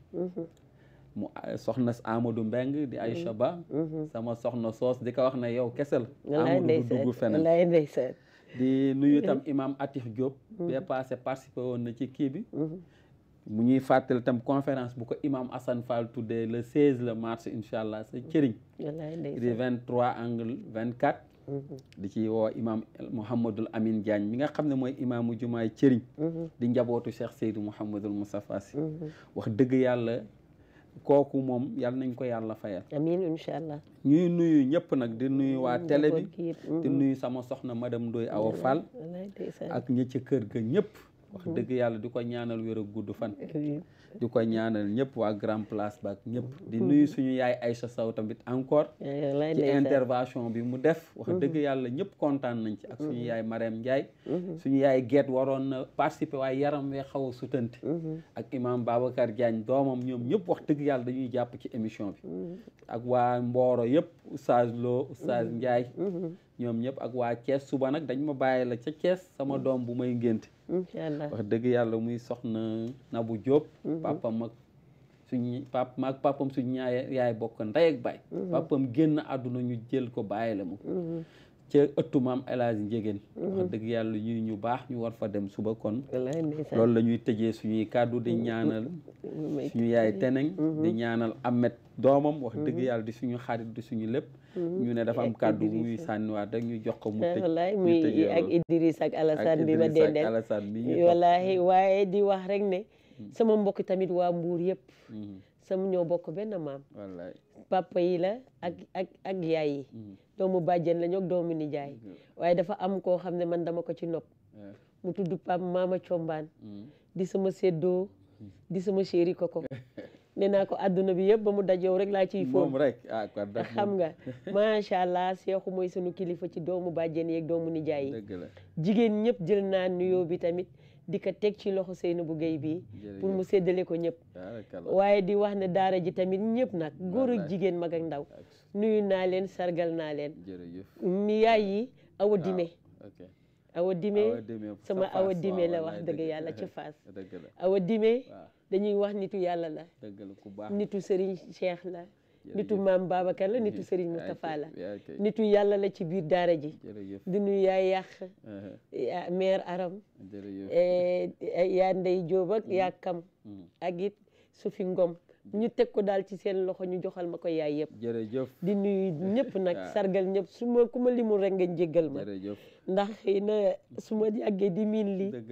mu soxna Amadou Mbeng di ay Ba mm-hmm. Mm-hmm. sama soxna soos di ko wax na yow kesel Amadou du dugg di nuyu tam mm-hmm. imam Atif Diop bee passé participé woon na ci kii bi mu ñuy fàttali tam conférence bu ko imam Assane Fall tuddee le 16 le mars incha allah sa cëriñ di 23 angle 24 di ci woo imaam Mouhamadul Amin Diagne mi nga xam ne mooy imaamu jumaay cëriñ di njabootu Cheikh Seydou Mouhamadul Moustapha Sy wax dëgg yàlla kooku moom yal nañ ko yàlla fayal. amiin incha allah. ñuy nuyu ñëpp nag di nuyu waa mm, télé bi mm, di mm. nuyu sama soxna madame Ndoye Awa Fall. ak ñi ci kër ga ñëpp. wax dëgg yàlla di ko ñaanal wér a gudd fan. di ko ñaanal ñëpp waa grand place ba ñëpp di nuyu suñu yaay Aïcha Sow tamit encore eh, ci intervention bi mu def wax dëgg mhm. yàlla ñëpp kontaan nañ ci ak suñu mhm. yaay Marème Ndiaye mhm. suñu yaay get waroon na participer waaye yaram wee xaw a sutanti ak imam Babacar Diagne doomam ñoom ñëpp wax dëgg yàlla dañuy jàpp ci émission bi ak waa Mboro yëpp Oustaz loo Oustaz Ndiaye ñoom ñëpp ak waa Thiès suba nag dañ ma bàyyi la ca Thiès sama mm. doom bu may ngénte inchaallah wax dëgg yàlla muy soxna Nabou Diop mm-hmm. papam ak suñu pap maag papam suñu ñaay yaay bokk ndey ak baay mm-hmm. papam génn àdduna ñu jël ko bàyyi la mu mm-hmm. ca ëttu maam El Hadj mhm. wax dëgg yàlla ñuy ñu baax ñu war fa dem suba kon loolu la ñuy tëjee suñuy kàddu di mhm. ñaanal suñu yaay teneng mhm. di ñaanal amet doomam wax dëgg yàlla di suñu xarit di suñu lépp ñu ne dafa am kàddu muy sànniwaat rek ñu jox ko mu eh, tëj muy ak Idriss ak Alassane bi ma dendeel Alassane waaye di wax rek ne sama mbokk tamit waa Mbuur yëpp sama ñoo bokk benn maam papa yi la ak yaay yi doomu bàjjen lañu ak doomu nijaay mm-hmm. waaye dafa am koo xam ne man dama ko ci nopp mu tudd Pape Mama Combaan mm-hmm. di sama séddoo mm-hmm. di sama ko ko nee naa ko àdduna bi yëpp ba mu daj rek laa ci fóon rek ah xam nga macha allah seexu mooy sunu kilifa ci doomu bàjjen yeeg doomu nijaay yi jigéen ñëpp tamit di ko teg ci loxo Seynabou Guèye bi mm, pour mu séddale ko ñëpp waaye di wax ne daara ji tamit ñëpp nag góor jigéen mag ak ndaw nuyu naa leen sargal naa leen mi yaay yi awa ah, dime awa dime sama awa dime la wax dëgg yàlla ci faas awa dime dañuy wax nitu yàlla la nitu Serigne Cheikh la nitu maam Babacar la nitu Serigne Moustapha la nitu yàlla la ci biir daara ji di nuyu yaay uh-huh. aram eh, eh, yaa ndey Jóob yaa kam ak it fi ngom ñu teg ko daal ci seen loxo ñu joxal ma ko yaay yëpp. jërëjëf di nuyu ñëpp nag ah. sargal ñëpp su ma ku ma limul rek ngeen jéggal ma. jërëjëf ndax na su ma di miin li dëgg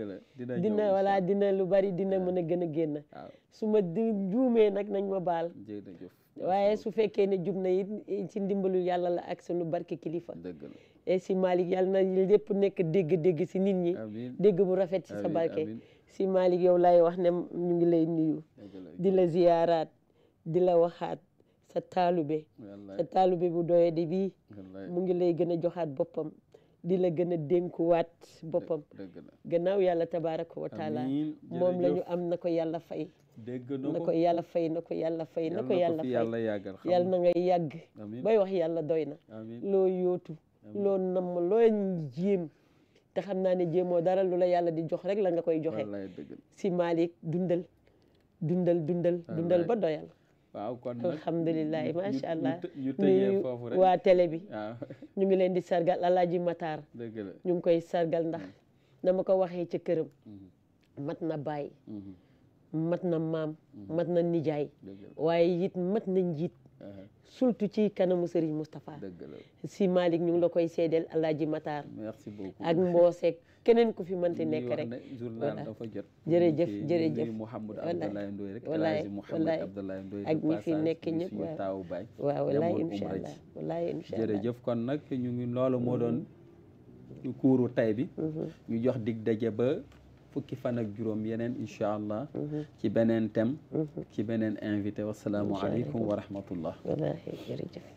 la dina voilà dina lu bari dina ah. mën a gën a génn. Ah. su ma di juumee nag nañ ma baal. jërëjëf waaye su fekkee ne jub na it ci ndimbalu yàlla la ak sunu barke kilifa. dëgg si Malick yàlla na lépp nekk dégg-dégg si nit ñi. dégg bu rafet ci sa barke. si Malick yow lay wax ne ñu ngi lay nuyu di la ziyaaraat di la waxaat sa taalu be sa taalube bu doye di bii mu ngi lay gën a joxaat boppam di la gën a dénkuwaat boppam gannaaw yàlla tabaaraka wa taala moom la ñu am na ko yalla fay na ko yàlla fay na ko yàlla fay na ko yàlla fay yàlla na ngay yàgg bay wax yàlla doy na loo yootu loo namm loo jéem te xam naa ne jéemoo dara lu la yàlla di jox rek la nga koy joxe si Malick dundal dundal dundal dundal ba doyal waaw kon nag alhamdulilah allah waa tele bi ñu ngi leen di sargal Alaaji Matar dëgg ñu ngi koy sargal ndax mm. na ma ko waxee ca këram mm-hmm. mat na baay mm-hmm. mat na maam mm-hmm. mat na nijaay waaye it mat na njiit Uh-huh. surtout ci kanamu Serigne Moustapha. si Malick ñu ngi la koy seedeel Alaaji Matar. merci beaucoup ak Mbooseek keneen ku fi mënti nekk rek. journal dafa jot. jërëjëf jërëjëf Mouhamadou Abdoulaye Ndoye rek. Alaaji Mouhamadou Abdoulaye Ndoye ak ñi fi nekk ñëpp waaw taawu baay. waaw wallaay incha allah wallaay incha kon nag ñu ngi loolu moo doon mm-hmm. kuuru tay bi. Mm-hmm. ñu jox dig daje ba. fukki fan ak juróom yeneen incha allah mhm. ci beneen thème mhm. ci beneen invité wasalaamualeykum wa rahmatullah jërëjëf